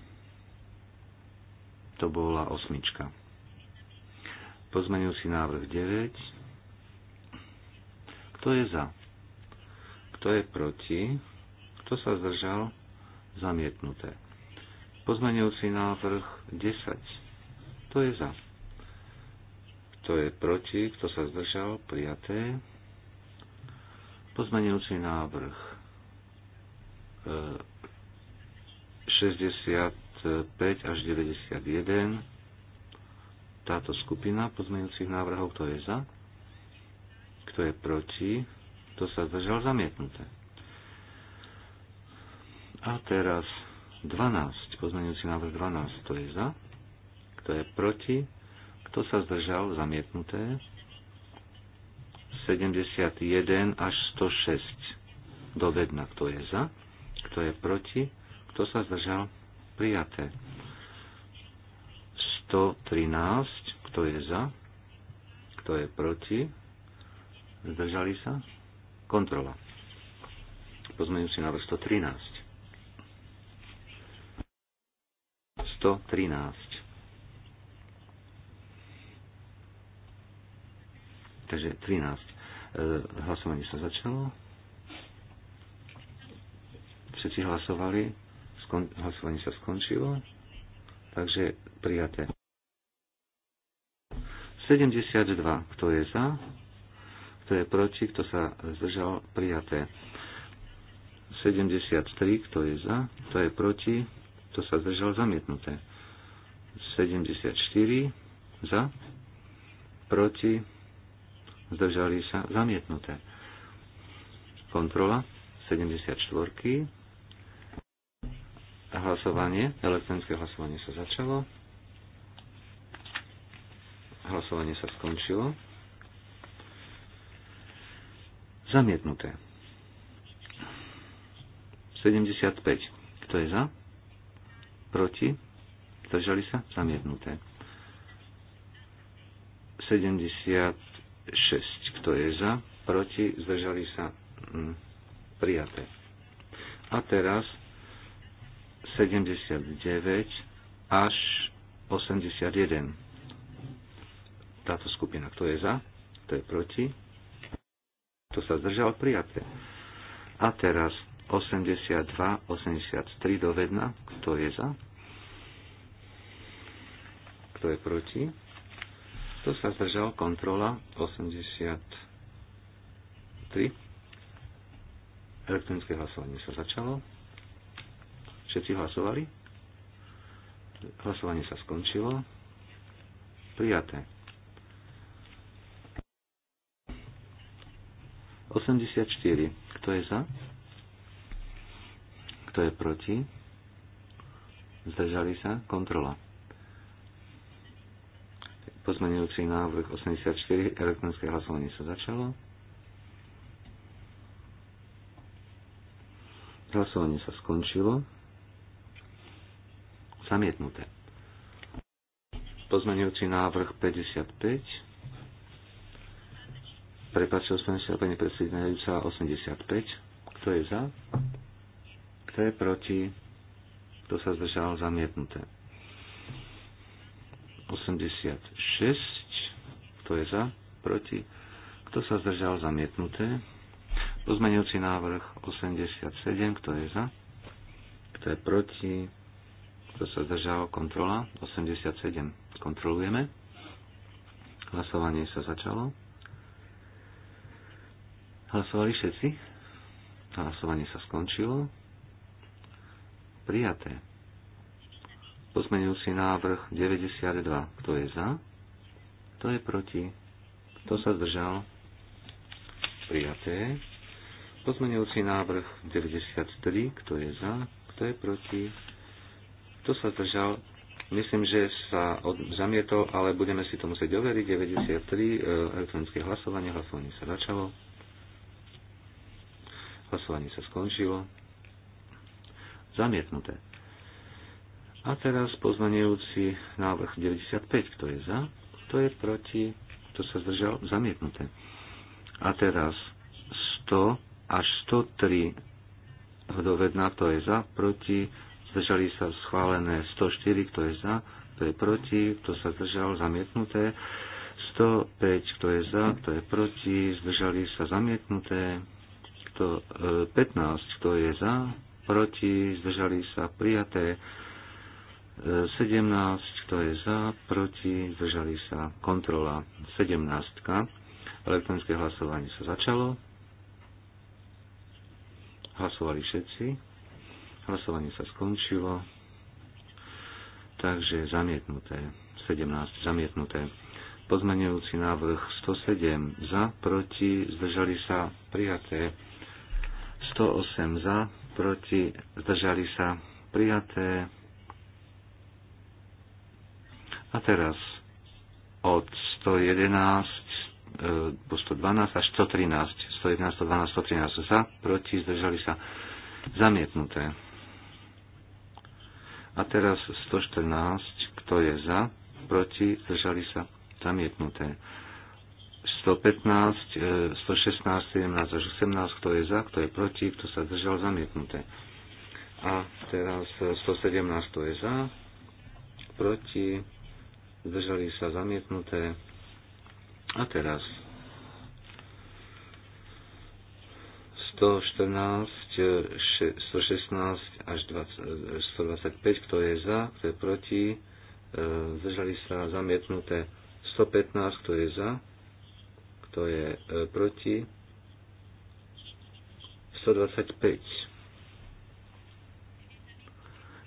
Speaker 2: To bola osmička. Pozmenil si návrh 9. Kto je za? Kto je proti? Kto sa zdržal? Zamietnuté. Pozmenil si návrh 10. Kto je za? Kto je proti? Kto sa zdržal? Prijaté. si návrh e, 65 až 91. Táto skupina pozmeňujúcich návrhov, kto je za, kto je proti, kto sa zdržal zamietnuté. A teraz 12, pozmeňujúci návrh 12, kto je za, kto je proti, kto sa zdržal zamietnuté. 71 až 106 do vedna, kto je za, kto je proti, kto sa zdržal? Prijaté. 113. Kto je za? Kto je proti? Zdržali sa? Kontrola. si návrh 113. 113. Takže 13. E, hlasovanie sa začalo. Všetci hlasovali. Skon- hlasovanie sa skončilo. Takže prijaté. 72. Kto je za? Kto je proti? Kto sa zdržal? Prijaté. 73. Kto je za? Kto je proti? Kto sa zdržal? Zamietnuté. 74. Za? Proti? Zdržali sa? Zamietnuté. Kontrola 74 hlasovanie. Elektronické hlasovanie sa začalo. Hlasovanie sa skončilo. Zamietnuté. 75. Kto je za? Proti? Zdržali sa? Zamietnuté. 76. Kto je za? Proti? Zdržali sa? Hm. Prijaté. A teraz 79 až 81. Táto skupina, kto je za, kto je proti, kto sa zdržal, prijaté. A teraz 82, 83 do kto je za, kto je proti, kto sa zdržal, kontrola 83. Elektronické hlasovanie sa začalo. Všetci hlasovali? Hlasovanie sa skončilo. Prijaté. 84. Kto je za? Kto je proti? Zdržali sa? Kontrola. Pozmenujúci návrh 84. Elektronické hlasovanie sa začalo. Hlasovanie sa skončilo. Zamietnuté. Pozmeňujúci návrh 55. Prepačte, 85, pani predsedajúca 85. Kto je za? Kto je proti? Kto sa zdržal? Zamietnuté. 86. Kto je za? Proti? Kto sa zdržal? Zamietnuté. Pozmeňujúci návrh 87. Kto je za? Kto je proti? Kto sa zdržal? Kontrola. 87. Kontrolujeme. Hlasovanie sa začalo. Hlasovali všetci? Hlasovanie sa skončilo. Prijaté. Pozmenujúci návrh 92. Kto je za? Kto je proti? Kto sa zdržal? Prijaté. Pozmenujúci návrh 93. Kto je za? Kto je proti? Kto sa zdržal? Myslím, že sa od, zamietol, ale budeme si to musieť overiť. 93, e, elektronické hlasovanie, hlasovanie sa začalo. Hlasovanie sa skončilo. Zamietnuté. A teraz pozmenujúci návrh 95, kto je za, kto je proti, kto sa zdržal, zamietnuté. A teraz 100 až 103 dovedná, to je za, proti, zdržali sa schválené 104, kto je za, kto je proti, kto sa zdržal, zamietnuté. 105, kto je za, kto je proti, zdržali sa zamietnuté. Kto, 15, e, kto je za, proti, zdržali sa prijaté. 17, e, kto je za, proti, zdržali sa, kontrola 17. Elektronické hlasovanie sa začalo. Hlasovali všetci. Hlasovanie sa skončilo. Takže zamietnuté. 17 zamietnuté. Pozmenujúci návrh 107 za, proti, zdržali sa prijaté. 108 za, proti, zdržali sa prijaté. A teraz od 111 e, po 112 až 113, 111, 112, 113 za, proti, zdržali sa zamietnuté. A teraz 114, kto je za, proti, zdržali sa, zamietnuté. 115, 116, 17 až 18, kto je za, kto je proti, kto sa držal, zamietnuté. A teraz 117, kto je za, proti, zdržali sa, zamietnuté. A teraz 114, 116 až 125, e, kto je za, kto je proti, e, zdržali sa zamietnuté 115, kto je za, kto je e, proti, 125.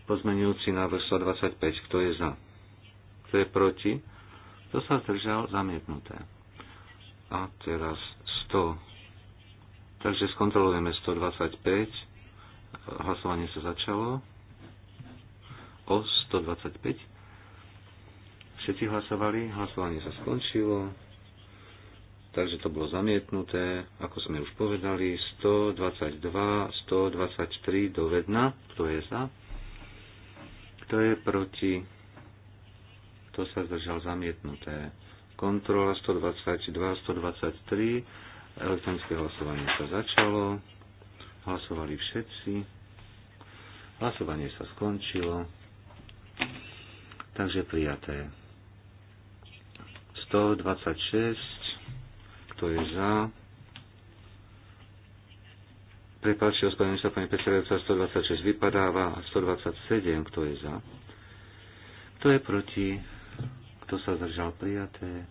Speaker 2: Pozmenujúci návrh 125, kto je za, kto je proti, kto sa zdržal, zamietnuté. A teraz 100. Takže skontrolujeme 125. Hlasovanie sa začalo. O 125. Všetci hlasovali, hlasovanie sa skončilo. Takže to bolo zamietnuté, ako sme už povedali, 122, 123 do vedna. Kto je za? Kto je proti? Kto sa zdržal zamietnuté? Kontrola 122, 123. Elektronické hlasovanie sa začalo. Hlasovali všetci. Hlasovanie sa skončilo. Takže prijaté. 126. Kto je za? Prepáčte, ospravedlňujem sa, pani predsedajúca, 126 vypadáva a 127, kto je za? Kto je proti? Kto sa zdržal prijaté?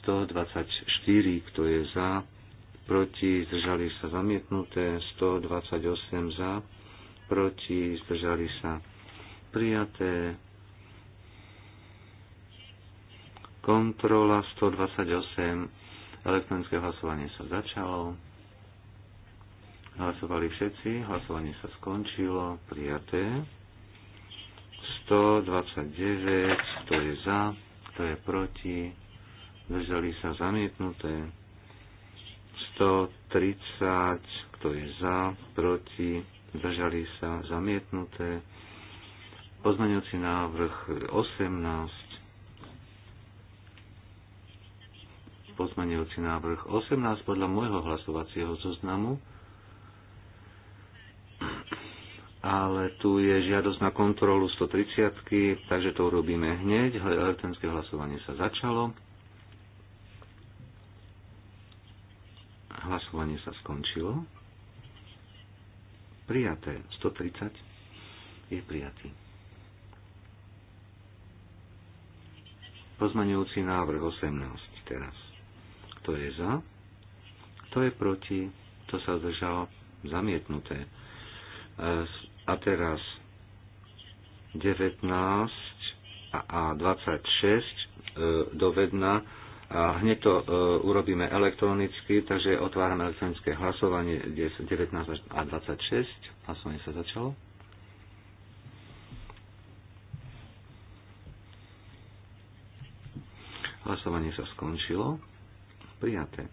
Speaker 2: 124, kto je za? proti zdržali sa zamietnuté, 128 za, proti zdržali sa prijaté, kontrola 128, elektronické hlasovanie sa začalo, hlasovali všetci, hlasovanie sa skončilo, prijaté, 129, to je za, to je proti, zdržali sa zamietnuté, 130, kto je za, proti, držali sa, zamietnuté. Pozmeňujúci návrh 18. Pozmeňujúci návrh 18 podľa môjho hlasovacieho zoznamu. Ale tu je žiadosť na kontrolu 130, takže to urobíme hneď. Elektronické hlasovanie sa začalo. Hlasovanie sa skončilo. Prijaté 130 je prijatý. Pozmaňujúci návrh 18 teraz. Kto je za? Kto je proti? Kto sa zdržal? Zamietnuté. E, a teraz 19 a 26 e, dovedna a hneď to e, urobíme elektronicky, takže otvárame elektronické hlasovanie 10, 19 a 26. Hlasovanie sa začalo. Hlasovanie sa skončilo. Prijaté.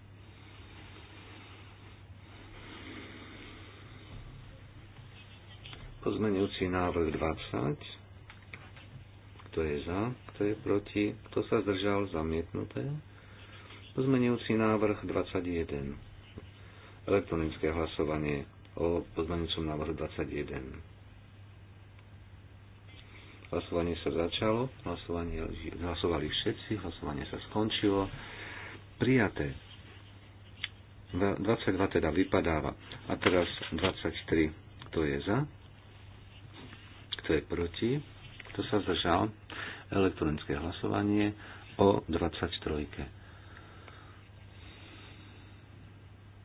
Speaker 2: Pozmenujúci návrh 20. Kto je za? Kto je proti? Kto sa zdržal? Zamietnuté. Pozmenujúci návrh 21. Elektronické hlasovanie o pozmenujúcom návrhu 21. Hlasovanie sa začalo, hlasovanie, hlasovali všetci, hlasovanie sa skončilo. Prijaté. 22 teda vypadáva. A teraz 23. Kto je za? Kto je proti? Kto sa zdržal? Elektronické hlasovanie o 23.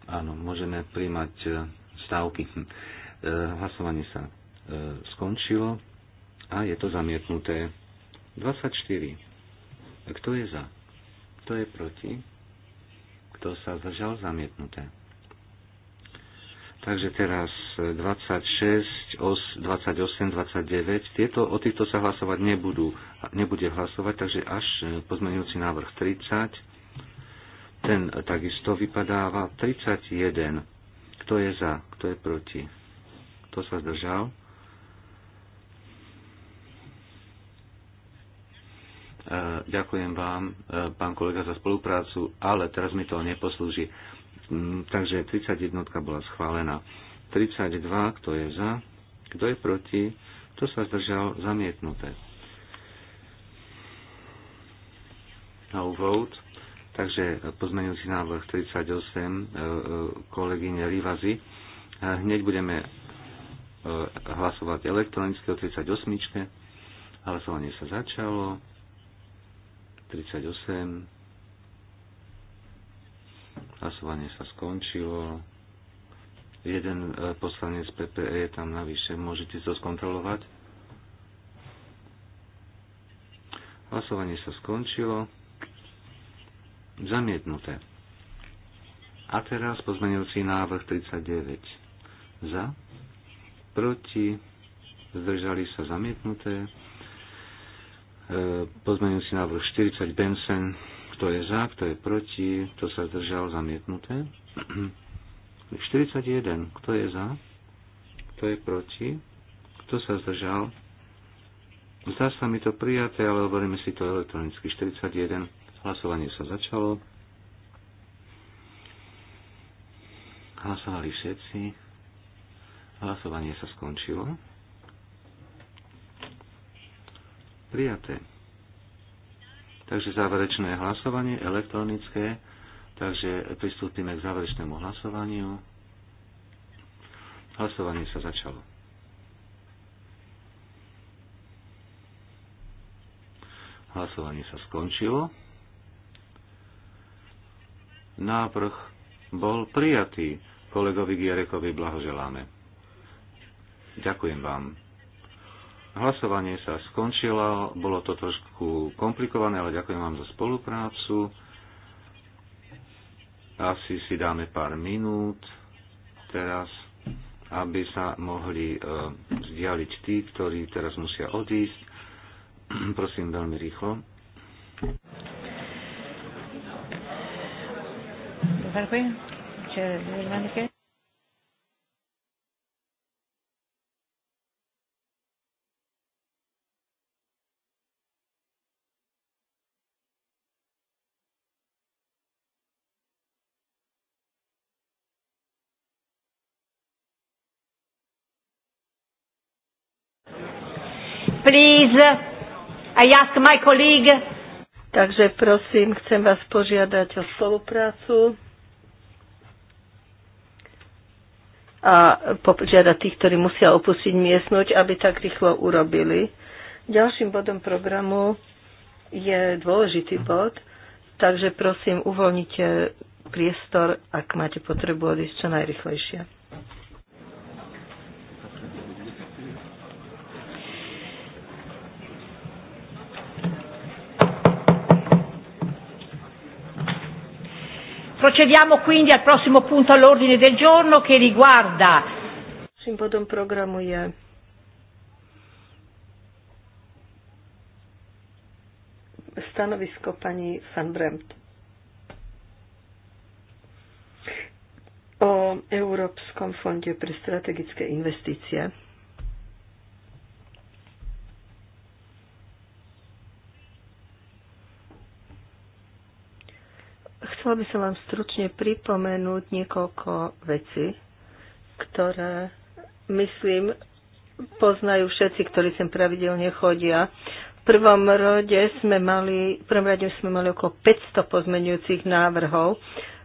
Speaker 2: Áno, môžeme príjmať e, stávky. E, hlasovanie sa e, skončilo a je to zamietnuté. 24. Kto je za? Kto je proti? Kto sa zdržal? Zamietnuté. Takže teraz 26, 28, 29. Tieto, o týchto sa hlasovať nebudú, nebude hlasovať, takže až e, pozmenujúci návrh 30. Ten takisto vypadáva 31. Kto je za? Kto je proti? Kto sa zdržal? E, ďakujem vám, e, pán kolega, za spoluprácu, ale teraz mi to neposlúži Mm, takže 31 bola schválená. 32, kto je za, kto je proti, kto sa zdržal, zamietnuté. No vote. Takže pozmeňujúci návrh 38 e, e, kolegyne Rivazy. E, hneď budeme hlasovať elektronicky o 38. Hlasovanie sa začalo. 38. Hlasovanie sa skončilo. Jeden e, poslanec PPE je tam navyše. Môžete to skontrolovať? Hlasovanie sa skončilo. Zamietnuté. A teraz pozmenujúci návrh 39. Za, proti, zdržali sa zamietnuté. E, pozmenujúci návrh 40 Benson kto je za, kto je proti, kto sa zdržal zamietnuté. 41. (clears throat) Kto je za, kto je proti, kto sa zdržal. Zdá sa mi to prijaté, ale hovoríme si to elektronicky. 41. Hlasovanie sa začalo. Hlasovali všetci. Hlasovanie sa skončilo. Prijaté. Takže záverečné hlasovanie elektronické. Takže pristúpime k záverečnému hlasovaniu. Hlasovanie sa začalo. Hlasovanie sa skončilo. Návrh bol prijatý. Kolegovi Gierekovi blahoželáme. Ďakujem vám. Hlasovanie sa skončilo, bolo to trošku komplikované, ale ďakujem vám za spoluprácu. Asi si dáme pár minút teraz, aby sa mohli e, vzdialiť tí, ktorí teraz musia odísť. (clears throat) Prosím veľmi rýchlo.
Speaker 1: Dziękuję. Please, I ask my colleague.
Speaker 4: Takže prosím, chcem vás požiadať o spoluprácu a požiadať tých, ktorí musia opustiť miestnosť, aby tak rýchlo urobili. Ďalším bodom programu je dôležitý bod, takže prosím, uvoľnite priestor, ak máte potrebu odísť čo najrychlejšie.
Speaker 1: Procediamo quindi al prossimo punto all'ordine del giorno che riguarda.
Speaker 4: programu je stanovisko pani Van Bremt o Európskom fonde pre strategické investície. Chcela by som vám stručne pripomenúť niekoľko vecí, ktoré, myslím, poznajú všetci, ktorí sem pravidelne chodia. V prvom rode sme mali, v prvom rade sme mali okolo 500 pozmenujúcich návrhov.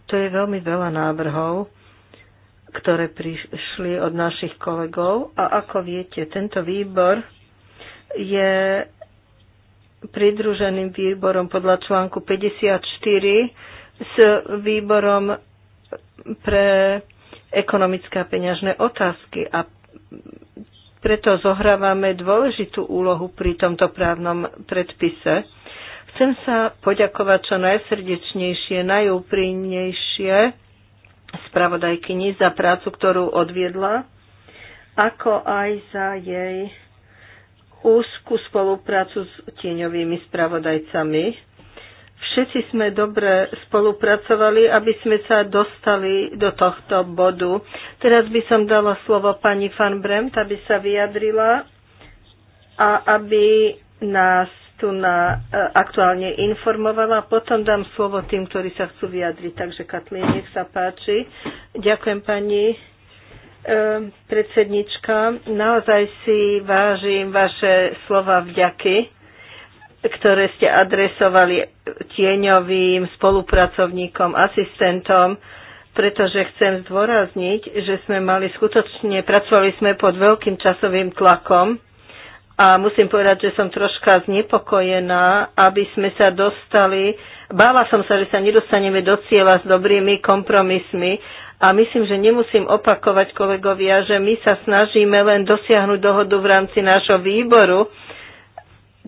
Speaker 4: To je veľmi veľa návrhov, ktoré prišli od našich kolegov. A ako viete, tento výbor je pridruženým výborom podľa článku 54 s výborom pre ekonomické a peňažné otázky a preto zohrávame dôležitú úlohu pri tomto právnom predpise. Chcem sa poďakovať čo najsrdečnejšie, najúprimnejšie spravodajkyni za prácu, ktorú odviedla, ako aj za jej úzku spoluprácu s tieňovými spravodajcami Všetci sme dobre spolupracovali, aby sme sa dostali do tohto bodu. Teraz by som dala slovo pani Van Bremt, aby sa vyjadrila a aby nás tu na, e, aktuálne informovala. Potom dám slovo tým, ktorí sa chcú vyjadriť. Takže Katlín, nech sa páči. Ďakujem pani e, predsednička. Naozaj si vážim vaše slova vďaky ktoré ste adresovali tieňovým spolupracovníkom, asistentom, pretože chcem zdôrazniť, že sme mali skutočne, pracovali sme pod veľkým časovým tlakom a musím povedať, že som troška znepokojená, aby sme sa dostali, bála som sa, že sa nedostaneme do cieľa s dobrými kompromismi a myslím, že nemusím opakovať kolegovia, že my sa snažíme len dosiahnuť dohodu v rámci nášho výboru,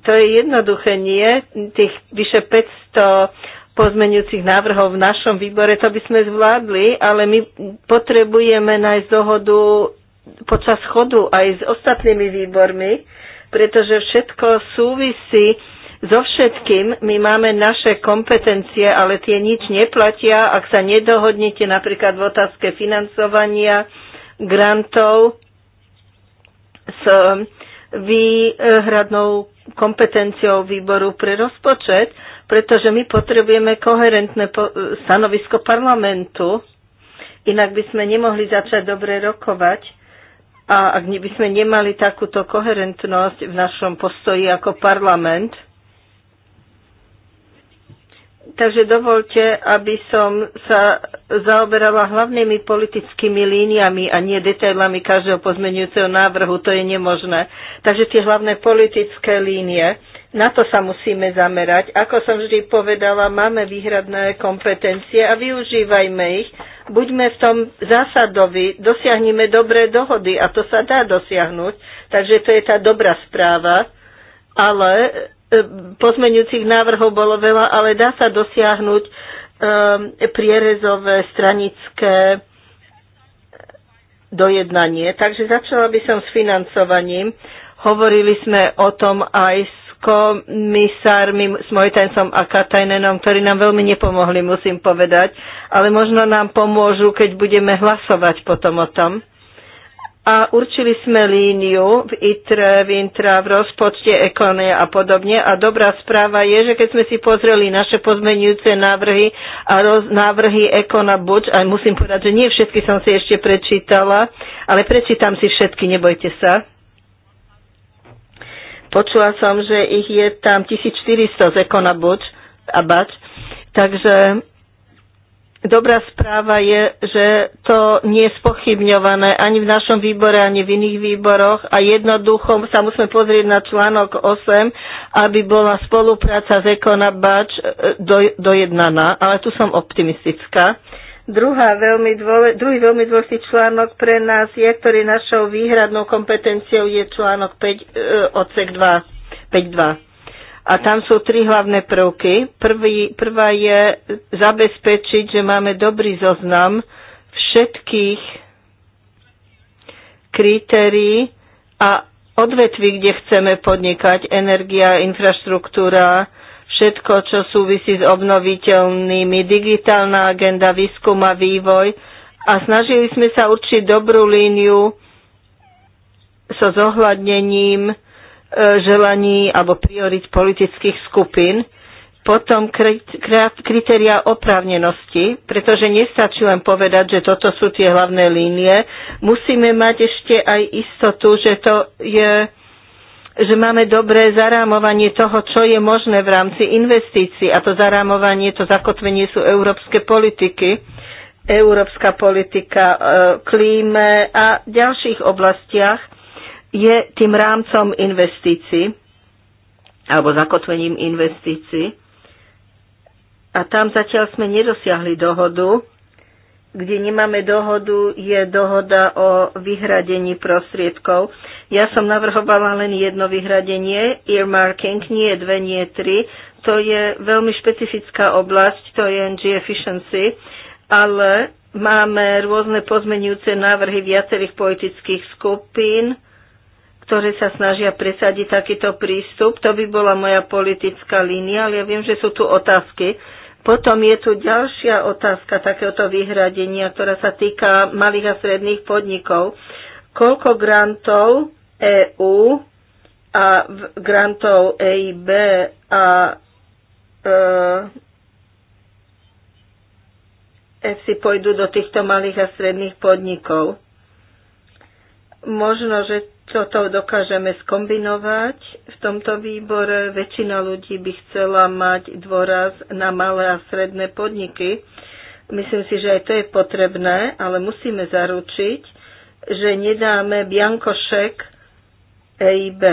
Speaker 4: to je jednoduché, nie? Tých vyše 500 pozmeňujúcich návrhov v našom výbore, to by sme zvládli, ale my potrebujeme nájsť dohodu počas chodu aj s ostatnými výbormi, pretože všetko súvisí so všetkým. My máme naše kompetencie, ale tie nič neplatia, ak sa nedohodnete napríklad v otázke financovania, grantov s výhradnou kompetenciou výboru pre rozpočet, pretože my potrebujeme koherentné stanovisko parlamentu, inak by sme nemohli začať dobre rokovať a ak by sme nemali takúto koherentnosť v našom postoji ako parlament, Takže dovolte, aby som sa zaoberala hlavnými politickými líniami a nie detailami každého pozmenujúceho návrhu. To je nemožné. Takže tie hlavné politické línie, na to sa musíme zamerať. Ako som vždy povedala, máme výhradné kompetencie a využívajme ich. Buďme v tom zásadovi, dosiahneme dobré dohody a to sa dá dosiahnuť. Takže to je tá dobrá správa. Ale E, pozmeňujúcich návrhov bolo veľa, ale dá sa dosiahnuť um, prierezové stranické dojednanie. Takže začala by som s financovaním. Hovorili sme o tom aj s komisármi, s Mojtencom a Katajnenom, ktorí nám veľmi nepomohli, musím povedať, ale možno nám pomôžu, keď budeme hlasovať potom o tom a určili sme líniu v ITRE, v INTRA, v rozpočte ekonomie a podobne. A dobrá správa je, že keď sme si pozreli naše pozmenujúce návrhy a roz, návrhy ekona buď, a musím povedať, že nie všetky som si ešte prečítala, ale prečítam si všetky, nebojte sa. Počula som, že ich je tam 1400 z ekona buď a bač, takže Dobrá správa je, že to nie je spochybňované ani v našom výbore, ani v iných výboroch a jednoducho sa musíme pozrieť na článok 8, aby bola spolupráca z Ekona Bač e, do, dojednaná, ale tu som optimistická. Druhá veľmi dôle, druhý veľmi dôležitý článok pre nás je, ktorý našou výhradnou kompetenciou je článok 5, e, odsek 2, 5.2 a tam sú tri hlavné prvky. Prvý, prvá je zabezpečiť, že máme dobrý zoznam všetkých kritérií a odvetví, kde chceme podnikať, energia, infraštruktúra, všetko, čo súvisí s obnoviteľnými, digitálna agenda, výskum a vývoj. A snažili sme sa určiť dobrú líniu so zohľadnením E, želaní alebo priorit politických skupín, potom kritéria oprávnenosti, pretože nestačí len povedať, že toto sú tie hlavné línie. Musíme mať ešte aj istotu, že to je že máme dobré zarámovanie toho, čo je možné v rámci investícií. A to zarámovanie, to zakotvenie sú európske politiky, európska politika e, klíme a ďalších oblastiach, je tým rámcom investícií alebo zakotvením investícií. A tam zatiaľ sme nedosiahli dohodu. Kde nemáme dohodu, je dohoda o vyhradení prostriedkov. Ja som navrhovala len jedno vyhradenie, earmarking, nie dve, nie tri. To je veľmi špecifická oblasť, to je NG efficiency, ale máme rôzne pozmenujúce návrhy viacerých politických skupín ktoré sa snažia presadiť takýto prístup. To by bola moja politická línia, ale ja viem, že sú tu otázky. Potom je tu ďalšia otázka takéhoto vyhradenia, ktorá sa týka malých a stredných podnikov. Koľko grantov EU a grantov EIB a e, EFSI pôjdu do týchto malých a stredných podnikov? Možno, že čo to dokážeme skombinovať. V tomto výbore väčšina ľudí by chcela mať dôraz na malé a stredné podniky. Myslím si, že aj to je potrebné, ale musíme zaručiť, že nedáme biankošek EIB.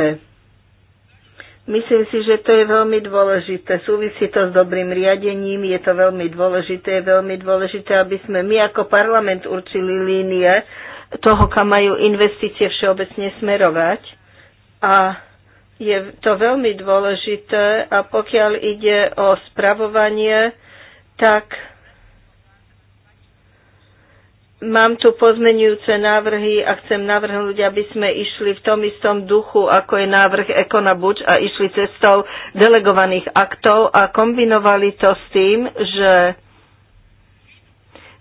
Speaker 4: Myslím si, že to je veľmi dôležité. Súvisí to s dobrým riadením, je to veľmi dôležité. Je veľmi dôležité, aby sme my ako parlament určili línie, toho, kam majú investície všeobecne smerovať. A je to veľmi dôležité a pokiaľ ide o spravovanie, tak mám tu pozmenujúce návrhy a chcem navrhnúť, aby sme išli v tom istom duchu, ako je návrh Ekona Buč a išli cestou delegovaných aktov a kombinovali to s tým, že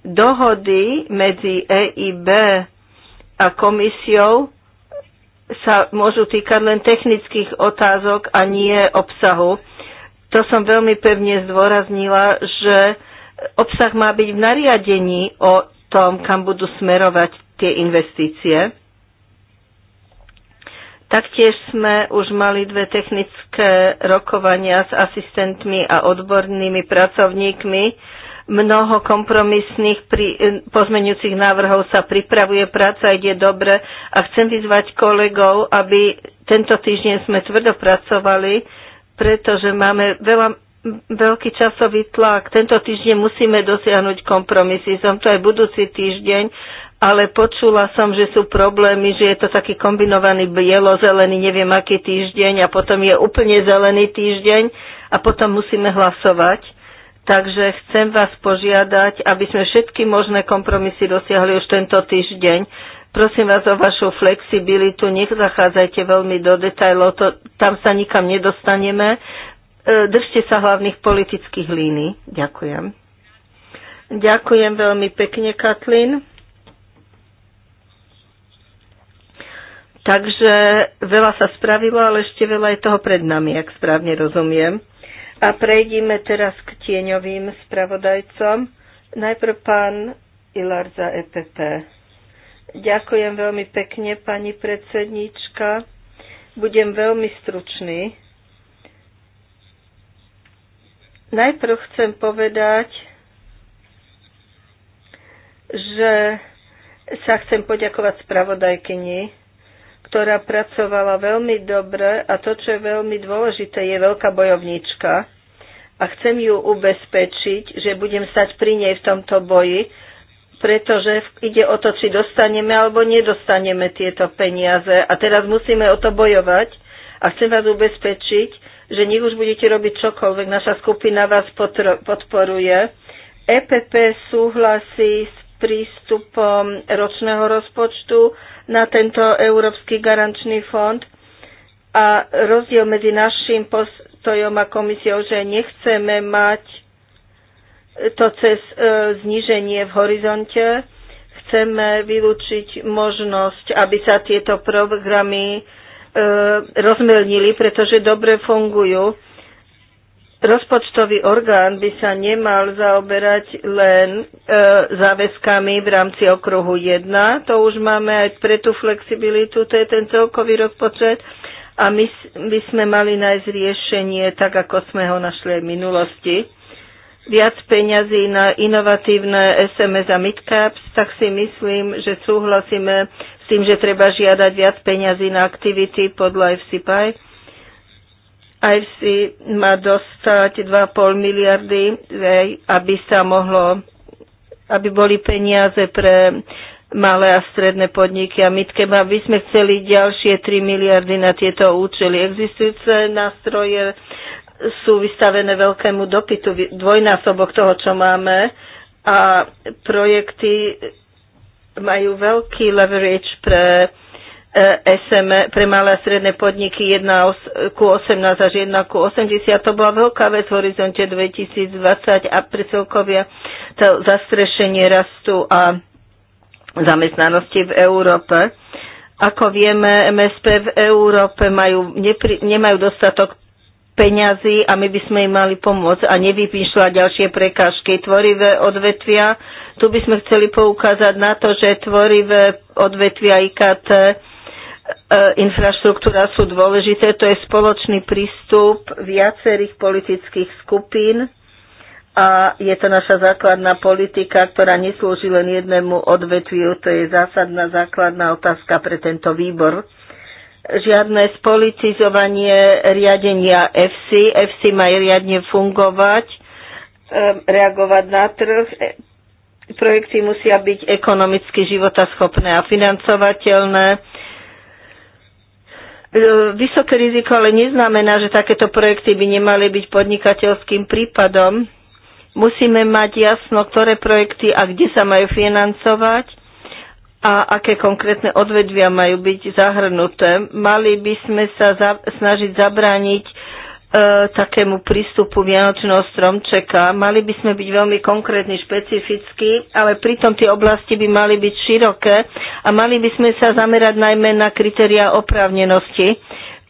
Speaker 4: dohody medzi EIB a komisiou sa môžu týkať len technických otázok a nie obsahu. To som veľmi pevne zdôraznila, že obsah má byť v nariadení o tom, kam budú smerovať tie investície. Taktiež sme už mali dve technické rokovania s asistentmi a odbornými pracovníkmi, Mnoho kompromisných pri, eh, pozmeňujúcich návrhov sa pripravuje, práca ide dobre a chcem vyzvať kolegov, aby tento týždeň sme tvrdo pracovali, pretože máme veľa, veľký časový tlak. Tento týždeň musíme dosiahnuť kompromisy. Som to aj budúci týždeň, ale počula som, že sú problémy, že je to taký kombinovaný bielo-zelený, neviem aký týždeň a potom je úplne zelený týždeň a potom musíme hlasovať. Takže chcem vás požiadať, aby sme všetky možné kompromisy dosiahli už tento týždeň. Prosím vás o vašu flexibilitu, nech zachádzajte veľmi do detajlov, to, tam sa nikam nedostaneme. E, držte sa hlavných politických línií. Ďakujem. Ďakujem veľmi pekne, Katlin. Takže veľa sa spravilo, ale ešte veľa je toho pred nami, ak správne rozumiem. A prejdime teraz k tieňovým spravodajcom. Najprv pán Ilar za EPP. Ďakujem veľmi pekne, pani predsednička. Budem veľmi stručný. Najprv chcem povedať, že sa chcem poďakovať spravodajkyni ktorá pracovala veľmi dobre a to, čo je veľmi dôležité, je veľká bojovnička. A chcem ju ubezpečiť, že budem stať pri nej v tomto boji, pretože ide o to, či dostaneme alebo nedostaneme tieto peniaze. A teraz musíme o to bojovať a chcem vás ubezpečiť, že nech už budete robiť čokoľvek, naša skupina vás podporuje. EPP súhlasí s prístupom ročného rozpočtu na tento Európsky garančný fond. A rozdiel medzi našim postojom a komisiou, že nechceme mať to cez e, zníženie v horizonte, chceme vylúčiť možnosť, aby sa tieto programy e, rozmelnili, pretože dobre fungujú rozpočtový orgán by sa nemal zaoberať len e, záväzkami v rámci okruhu 1. To už máme aj pre tú flexibilitu, to je ten celkový rozpočet. A my by sme mali nájsť riešenie, tak ako sme ho našli aj v minulosti. Viac peňazí na inovatívne SMS a midcaps, tak si myslím, že súhlasíme s tým, že treba žiadať viac peňazí na aktivity podľa FCPI IFC má dostať 2,5 miliardy, aby sa mohlo, aby boli peniaze pre malé a stredné podniky a my keby by sme chceli ďalšie 3 miliardy na tieto účely. Existujúce nástroje sú vystavené veľkému dopytu, dvojnásobok toho, čo máme a projekty majú veľký leverage pre E SM e, pre malé a stredné podniky 1 ku 18 až 1 ku 80. To bola veľká vec v horizonte 2020 a pre celkovia to zastrešenie rastu a zamestnanosti v Európe. Ako vieme, MSP v Európe majú, nepri, nemajú dostatok peňazí a my by sme im mali pomôcť a nevypíšľať ďalšie prekážky. Tvorivé odvetvia, tu by sme chceli poukázať na to, že tvorivé odvetvia IKT E, infraštruktúra sú dôležité. To je spoločný prístup viacerých politických skupín a je to naša základná politika, ktorá neslúži len jednému odvetviu. To je zásadná základná otázka pre tento výbor. Žiadne spolitizovanie riadenia FC. FC má riadne fungovať, e, reagovať na trh, e, projekty musia byť ekonomicky životaschopné a financovateľné E, vysoké riziko ale neznamená, že takéto projekty by nemali byť podnikateľským prípadom. Musíme mať jasno, ktoré projekty a kde sa majú financovať a aké konkrétne odvedvia majú byť zahrnuté. Mali by sme sa za, snažiť zabrániť E, takému prístupu Vianočného stromčeka. Mali by sme byť veľmi konkrétni, špecifickí, ale pritom tie oblasti by mali byť široké a mali by sme sa zamerať najmä na kritéria oprávnenosti,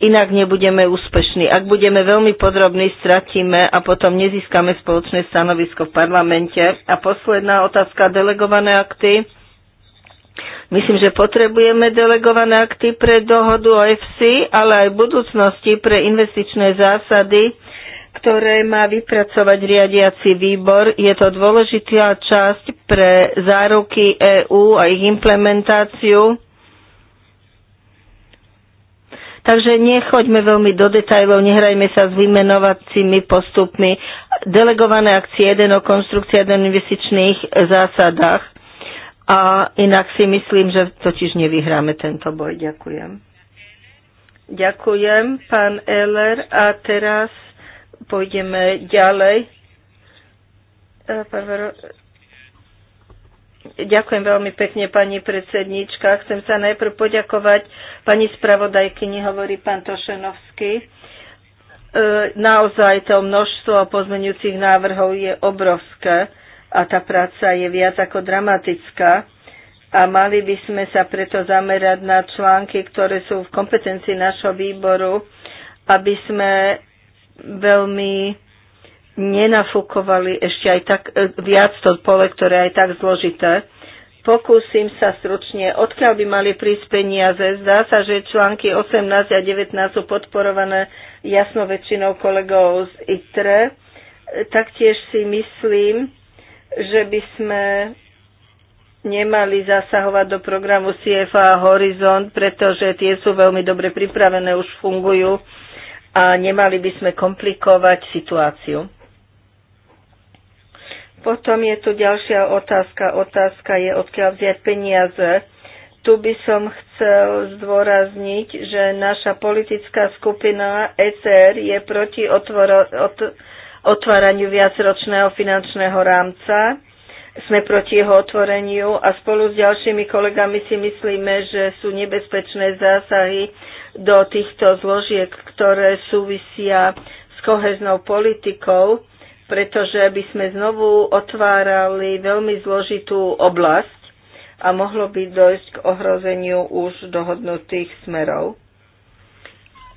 Speaker 4: inak nebudeme úspešní. Ak budeme veľmi podrobní, stratíme a potom nezískame spoločné stanovisko v parlamente. A posledná otázka, delegované akty Myslím, že potrebujeme delegované akty pre dohodu o FC, ale aj v budúcnosti pre investičné zásady, ktoré má vypracovať riadiaci výbor. Je to dôležitá časť pre záruky EÚ a ich implementáciu. Takže nechoďme veľmi do detajlov, nehrajme sa s vymenovacími postupmi. Delegované akcie 1 o konstrukcii 1 investičných zásadách. A inak si myslím, že totiž nevyhráme tento boj. Ďakujem. Ďakujem, pán Eller. A teraz pôjdeme ďalej. E, Ďakujem veľmi pekne, pani predsednička. Chcem sa najprv poďakovať pani spravodajkyni, hovorí pán Tošenovský. E, naozaj to množstvo pozmeňujúcich návrhov je obrovské a tá práca je viac ako dramatická a mali by sme sa preto zamerať na články, ktoré sú v kompetencii našho výboru, aby sme veľmi nenafúkovali ešte aj tak e, viac to pole, ktoré je aj tak zložité. Pokúsim sa stručne, odkiaľ by mali prísť peniaze. Zdá sa, že články 18 a 19 sú podporované jasnou väčšinou kolegov z ITRE. E, taktiež si myslím, že by sme nemali zasahovať do programu CFA Horizont, pretože tie sú veľmi dobre pripravené, už fungujú a nemali by sme komplikovať situáciu. Potom je tu ďalšia otázka. Otázka je, odkiaľ vziať peniaze. Tu by som chcel zdôrazniť, že naša politická skupina ECR je proti otvoro, ot, otváraniu viacročného finančného rámca. Sme proti jeho otvoreniu a spolu s ďalšími kolegami si myslíme, že sú nebezpečné zásahy do týchto zložiek, ktoré súvisia s koheznou politikou, pretože by sme znovu otvárali veľmi zložitú oblasť a mohlo by dojsť k ohrozeniu už dohodnutých smerov.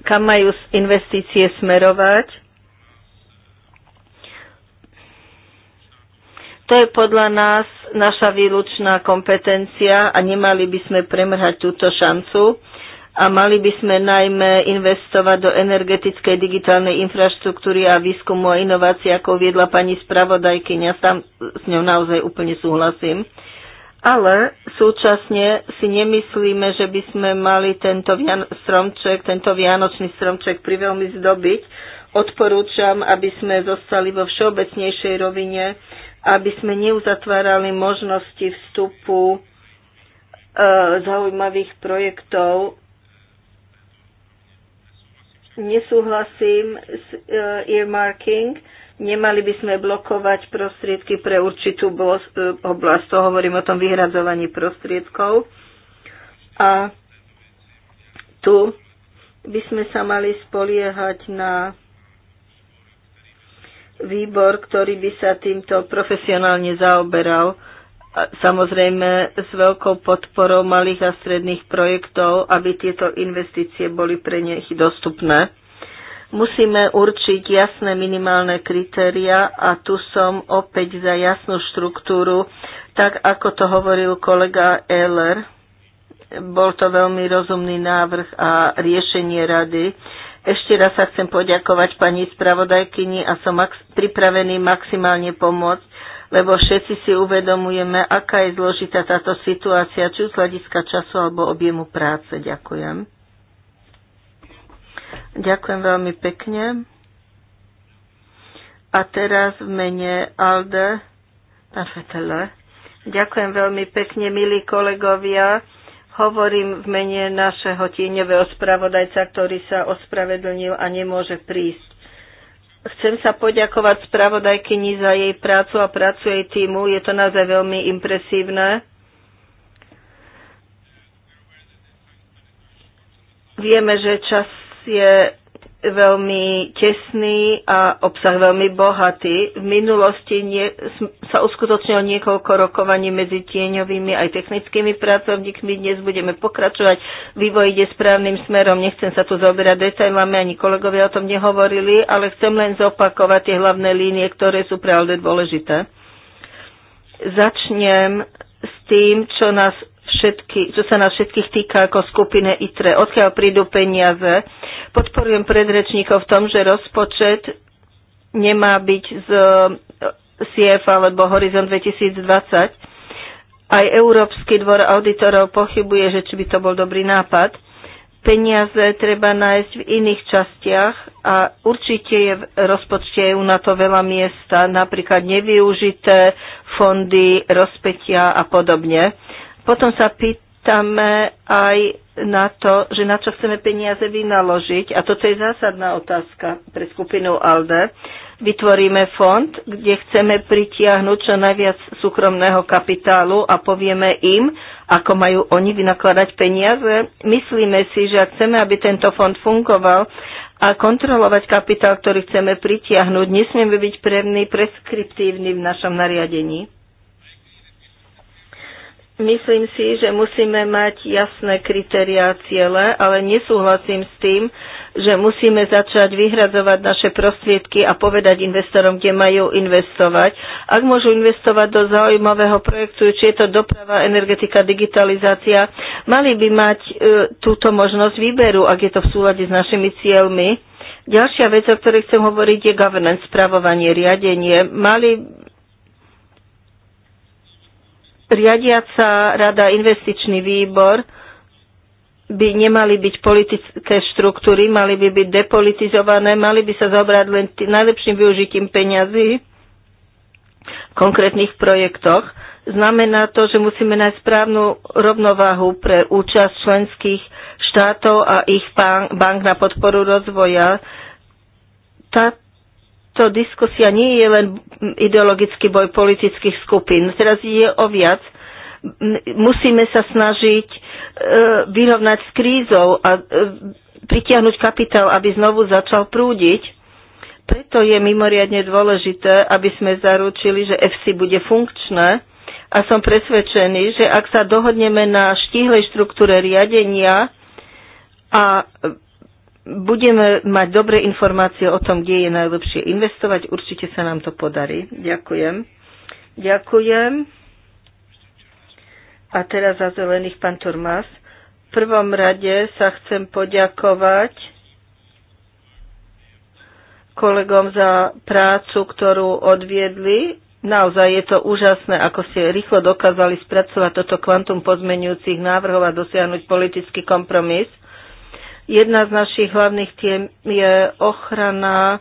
Speaker 4: Kam majú investície smerovať? To je podľa nás naša výlučná kompetencia a nemali by sme premrhať túto šancu a mali by sme najmä investovať do energetickej digitálnej infraštruktúry a výskumu a inovácií, ako viedla pani spravodajkyňa. Ja tam s ňou naozaj úplne súhlasím. Ale súčasne si nemyslíme, že by sme mali tento stromček, tento vianočný stromček priveľmi zdobiť. Odporúčam, aby sme zostali vo všeobecnejšej rovine aby sme neuzatvárali možnosti vstupu e, zaujímavých projektov. Nesúhlasím s e, earmarking. Nemali by sme blokovať prostriedky pre určitú e, oblasť. To hovorím o tom vyhradzovaní prostriedkov. A tu by sme sa mali spoliehať na výbor, ktorý by sa týmto profesionálne zaoberal. Samozrejme s veľkou podporou malých a stredných projektov, aby tieto investície boli pre nich dostupné. Musíme určiť jasné minimálne kritéria a tu som opäť za jasnú štruktúru, tak ako to hovoril kolega Eller. Bol to veľmi rozumný návrh a riešenie rady ešte raz sa chcem poďakovať pani spravodajkyni a som max- pripravený maximálne pomôcť, lebo všetci si uvedomujeme, aká je zložitá táto situácia, či z hľadiska času alebo objemu práce. Ďakujem. Ďakujem veľmi pekne. A teraz v mene Alde a Ďakujem veľmi pekne, milí kolegovia. Hovorím v mene našeho tieňového spravodajca, ktorý sa ospravedlnil a nemôže prísť. Chcem sa poďakovať spravodajkyni za jej prácu a prácu jej týmu. Je to naozaj veľmi impresívne. Vieme, že čas je veľmi tesný a obsah veľmi bohatý. V minulosti nie, sa uskutočnilo niekoľko rokovaní medzi tieňovými aj technickými pracovníkmi. Dnes budeme pokračovať. Vývoj ide správnym smerom. Nechcem sa tu zaoberať detailami, ani kolegovia o tom nehovorili, ale chcem len zopakovať tie hlavné línie, ktoré sú pre dôležité. Začnem s tým, čo nás všetky, čo sa nás všetkých týka ako skupine ITRE, odkiaľ prídu peniaze. Podporujem predrečníkov v tom, že rozpočet nemá byť z e, CF alebo Horizon 2020. Aj Európsky dvor auditorov pochybuje, že či by to bol dobrý nápad. Peniaze treba nájsť v iných častiach a určite je v rozpočte EU na to veľa miesta, napríklad nevyužité fondy, rozpetia a podobne. Potom sa pýtame aj na to, že na čo chceme peniaze vynaložiť. A toto je zásadná otázka pre skupinu ALDE. Vytvoríme fond, kde chceme pritiahnuť čo najviac súkromného kapitálu a povieme im, ako majú oni vynakladať peniaze. Myslíme si, že ak chceme, aby tento fond fungoval a kontrolovať kapitál, ktorý chceme pritiahnuť, nesmieme byť prevný, preskriptívny v našom nariadení. Myslím si, že musíme mať jasné kritériá ciele, ale nesúhlasím s tým, že musíme začať vyhradzovať naše prostriedky a povedať investorom, kde majú investovať. Ak môžu investovať do zaujímavého projektu, či je to doprava, energetika, digitalizácia, mali by mať e, túto možnosť výberu, ak je to v súlade s našimi cieľmi. Ďalšia vec, o ktorej chcem hovoriť, je governance, spravovanie, riadenie. Mali riadiaca rada, investičný výbor by nemali byť politické štruktúry, mali by byť depolitizované, mali by sa zobrať len tým najlepším využitím peňazí v konkrétnych projektoch. Znamená to, že musíme nájsť správnu rovnováhu pre účasť členských štátov a ich bank na podporu rozvoja. Tá, to diskusia nie je len ideologický boj politických skupín. Teraz je o viac. Musíme sa snažiť e, vyrovnať s krízou a e, pritiahnuť kapitál, aby znovu začal prúdiť. Preto je mimoriadne dôležité, aby sme zaručili, že FC bude funkčné a som presvedčený, že ak sa dohodneme na štíhlej štruktúre riadenia a budeme mať dobré informácie o tom, kde je najlepšie investovať. Určite sa nám to podarí. Ďakujem. Ďakujem. A teraz za zelených pán Turmas. V prvom rade sa chcem poďakovať kolegom za prácu, ktorú odviedli. Naozaj je to úžasné, ako ste rýchlo dokázali spracovať toto kvantum pozmenujúcich návrhov a dosiahnuť politický kompromis. Jedna z našich hlavných tiem je ochrana e,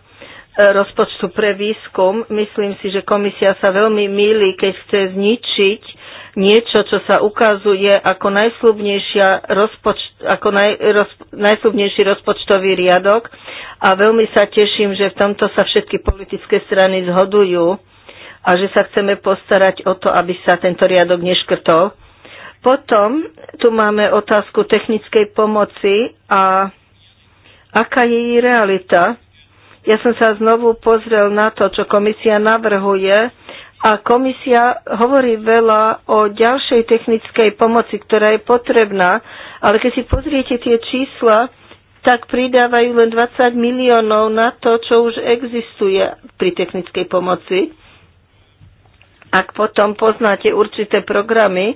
Speaker 4: rozpočtu pre výskum. Myslím si, že komisia sa veľmi míli, keď chce zničiť niečo, čo sa ukazuje ako, rozpočt, ako naj, roz, najslubnejší rozpočtový riadok a veľmi sa teším, že v tomto sa všetky politické strany zhodujú a že sa chceme postarať o to, aby sa tento riadok neškrtol. Potom tu máme otázku technickej pomoci a aká je jej realita. Ja som sa znovu pozrel na to, čo komisia navrhuje a komisia hovorí veľa o ďalšej technickej pomoci, ktorá je potrebná, ale keď si pozriete tie čísla, tak pridávajú len 20 miliónov na to, čo už existuje pri technickej pomoci. Ak potom poznáte určité programy,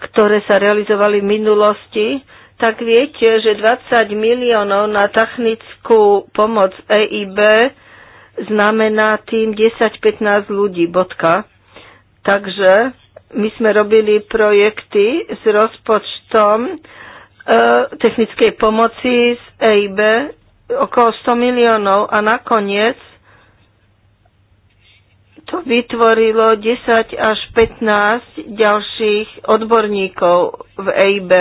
Speaker 4: ktoré sa realizovali v minulosti, tak viete, že 20 miliónov na technickú pomoc EIB znamená tým 10-15 ľudí, bodka. Takže my sme robili projekty s rozpočtom e, technickej pomoci z EIB okolo 100 miliónov a nakoniec to vytvorilo 10 až 15 ďalších odborníkov v EIB.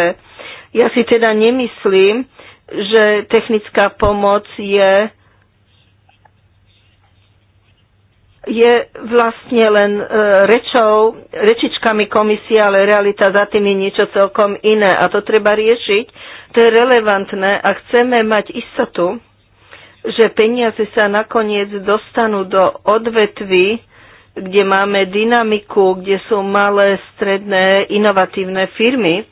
Speaker 4: Ja si teda nemyslím, že technická pomoc je je vlastne len e, rečou, rečičkami komisie, ale realita za tým je niečo celkom iné a to treba riešiť. To je relevantné a chceme mať istotu, že peniaze sa nakoniec dostanú do odvetví, kde máme dynamiku, kde sú malé, stredné, inovatívne firmy.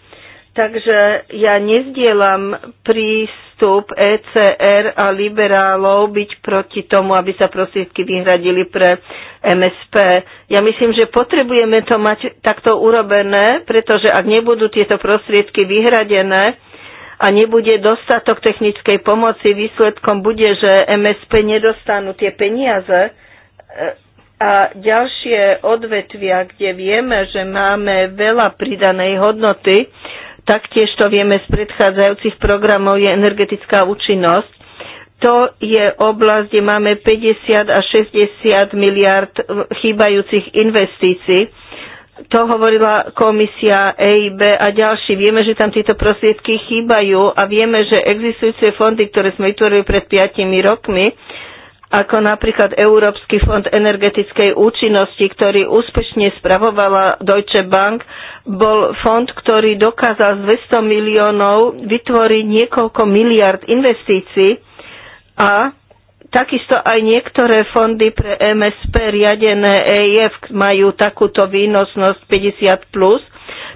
Speaker 4: Takže ja nezdielam prístup ECR a liberálov byť proti tomu, aby sa prostriedky vyhradili pre MSP. Ja myslím, že potrebujeme to mať takto urobené, pretože ak nebudú tieto prostriedky vyhradené, a nebude dostatok technickej pomoci, výsledkom bude, že MSP nedostanú tie peniaze, e, a ďalšie odvetvia, kde vieme, že máme veľa pridanej hodnoty, taktiež to vieme z predchádzajúcich programov, je energetická účinnosť. To je oblasť, kde máme 50 až 60 miliard chýbajúcich investícií. To hovorila komisia EIB a ďalší. Vieme, že tam tieto prostriedky chýbajú a vieme, že existujúce fondy, ktoré sme vytvorili pred 5 rokmi, ako napríklad Európsky fond energetickej účinnosti, ktorý úspešne spravovala Deutsche Bank, bol fond, ktorý dokázal z 200 miliónov vytvoriť niekoľko miliard investícií a takisto aj niektoré fondy pre MSP riadené EIF majú takúto výnosnosť 50+, plus,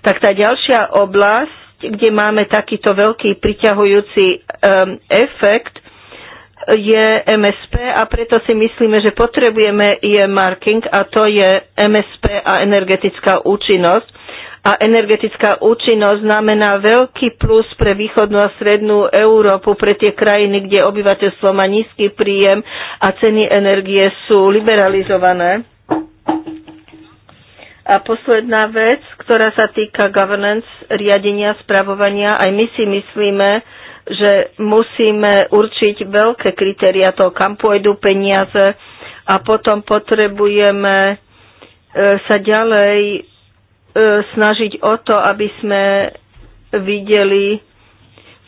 Speaker 4: tak tá ďalšia oblasť, kde máme takýto veľký priťahujúci um, efekt, je MSP a preto si myslíme, že potrebujeme e-marking a to je MSP a energetická účinnosť. A energetická účinnosť znamená veľký plus pre východnú a strednú Európu, pre tie krajiny, kde obyvateľstvo má nízky príjem a ceny energie sú liberalizované. A posledná vec, ktorá sa týka governance, riadenia, spravovania, aj my si myslíme, že musíme určiť veľké kritéria toho, kam pôjdu peniaze a potom potrebujeme e, sa ďalej e, snažiť o to, aby sme videli,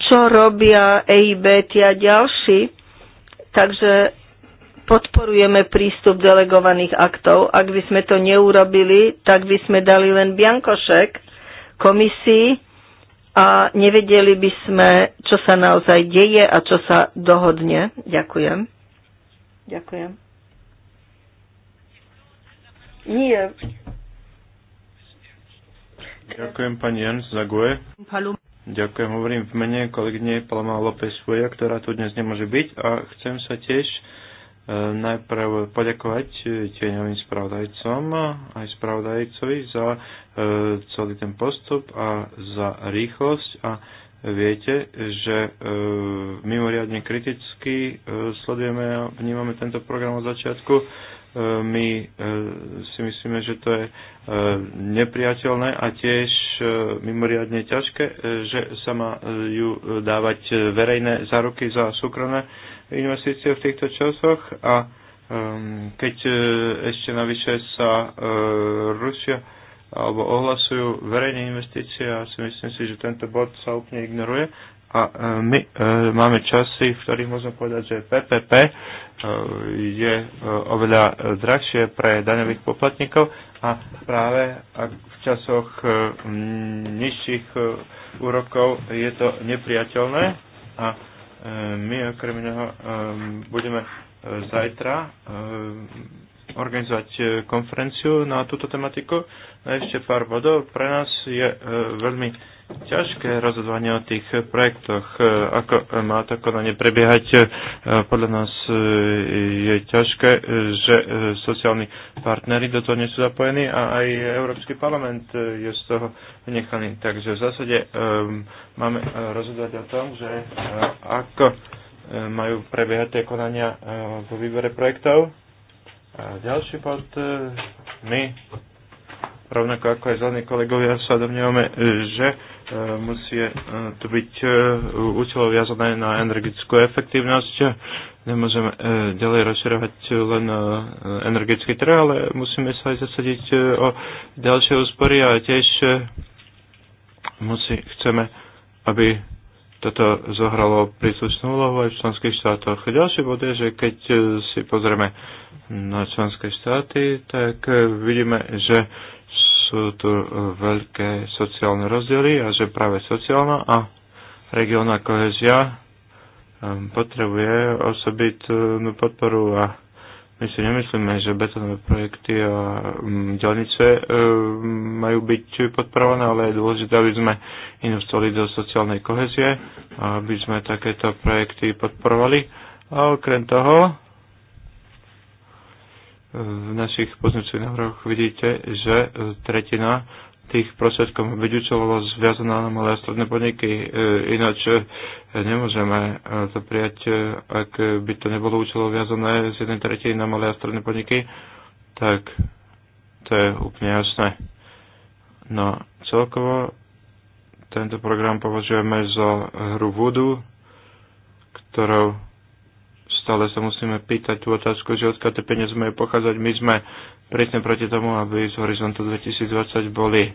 Speaker 4: čo robia EIB a ďalší. Takže podporujeme prístup delegovaných aktov. Ak by sme to neurobili, tak by sme dali len biankošek komisii, a nevedeli by sme, čo sa naozaj deje a čo sa dohodne. Ďakujem. Ďakujem. Nie.
Speaker 3: Ďakujem pani Jans Zague. Ďakujem, hovorím v mene kolegyne Paloma López Fuja, ktorá tu dnes nemôže byť a chcem sa tiež najprv poďakovať eh, tieňovým spravodajcom aj spravodajcovi za eh, celý ten postup a za rýchlosť a viete, že eh, mimoriadne kriticky sledujeme a vnímame tento program od začiatku. my si myslíme, že to je nepriateľné a tiež mimoriadne ťažké, že sa majú dávať verejné záruky za súkromné investície v týchto časoch a um, keď e, ešte navyše sa e, Rusia alebo ohlasujú verejné investície, ja si myslím si, že tento bod sa úplne ignoruje a e, my máme časy, v ktorých môžeme povedať, že PPP je oveľa drahšie pre daňových poplatníkov a práve v časoch nižších úrokov je to nepriateľné a my okrem iného ehm, budeme e, zajtra ehm, organizovať e, konferenciu na túto tematiku. No a ešte pár bodov. Pre nás je e, veľmi ťažké rozhodovanie o tých projektoch. E, ako má to konanie prebiehať, e, podľa nás e, je ťažké, že sociálni partnery do toho nie sú zapojení a aj Európsky parlament je z toho nechaný. Takže v zásade máme rozhodovať o tom, že ako majú prebiehať tie konania vo výbere projektov. A ďalší pod my rovnako ako aj zelení kolegovia sa domnievame, že E, musí e, to byť e, účelo viazané na energetickú efektívnosť. Nemôžeme ďalej rozširovať len energetický trh, ale musíme sa aj zasadiť o ďalšie úspory a tiež musí, chceme, aby toto zohralo príslušnú úlohu aj v členských štátoch. Ďalší bod je, že keď si pozrieme na členské štáty, tak vidíme, že sú tu veľké sociálne rozdiely a že práve sociálna a regionálna kohezia ehm, potrebuje osobitnú podporu a my si nemyslíme, že betonové projekty a ďalnice ehm, ehm, majú byť podporované, ale je dôležité, aby sme investovali do sociálnej kohezie, aby sme takéto projekty podporovali. A okrem toho, v našich poznačných návrhoch vidíte, že tretina tých prostriedkov by byť zviazaná na malé a stredné podniky. E, ináč e, nemôžeme e, to prijať, ak by to nebolo účelo viazané z jednej tretiny na malé a stredné podniky, tak to je úplne jasné. No celkovo tento program považujeme za hru vodu, ktorou Stále sa musíme pýtať tú otázku, že odkiaľ tie peniaze majú pochádzať. My sme presne proti tomu, aby z horizontu 2020 boli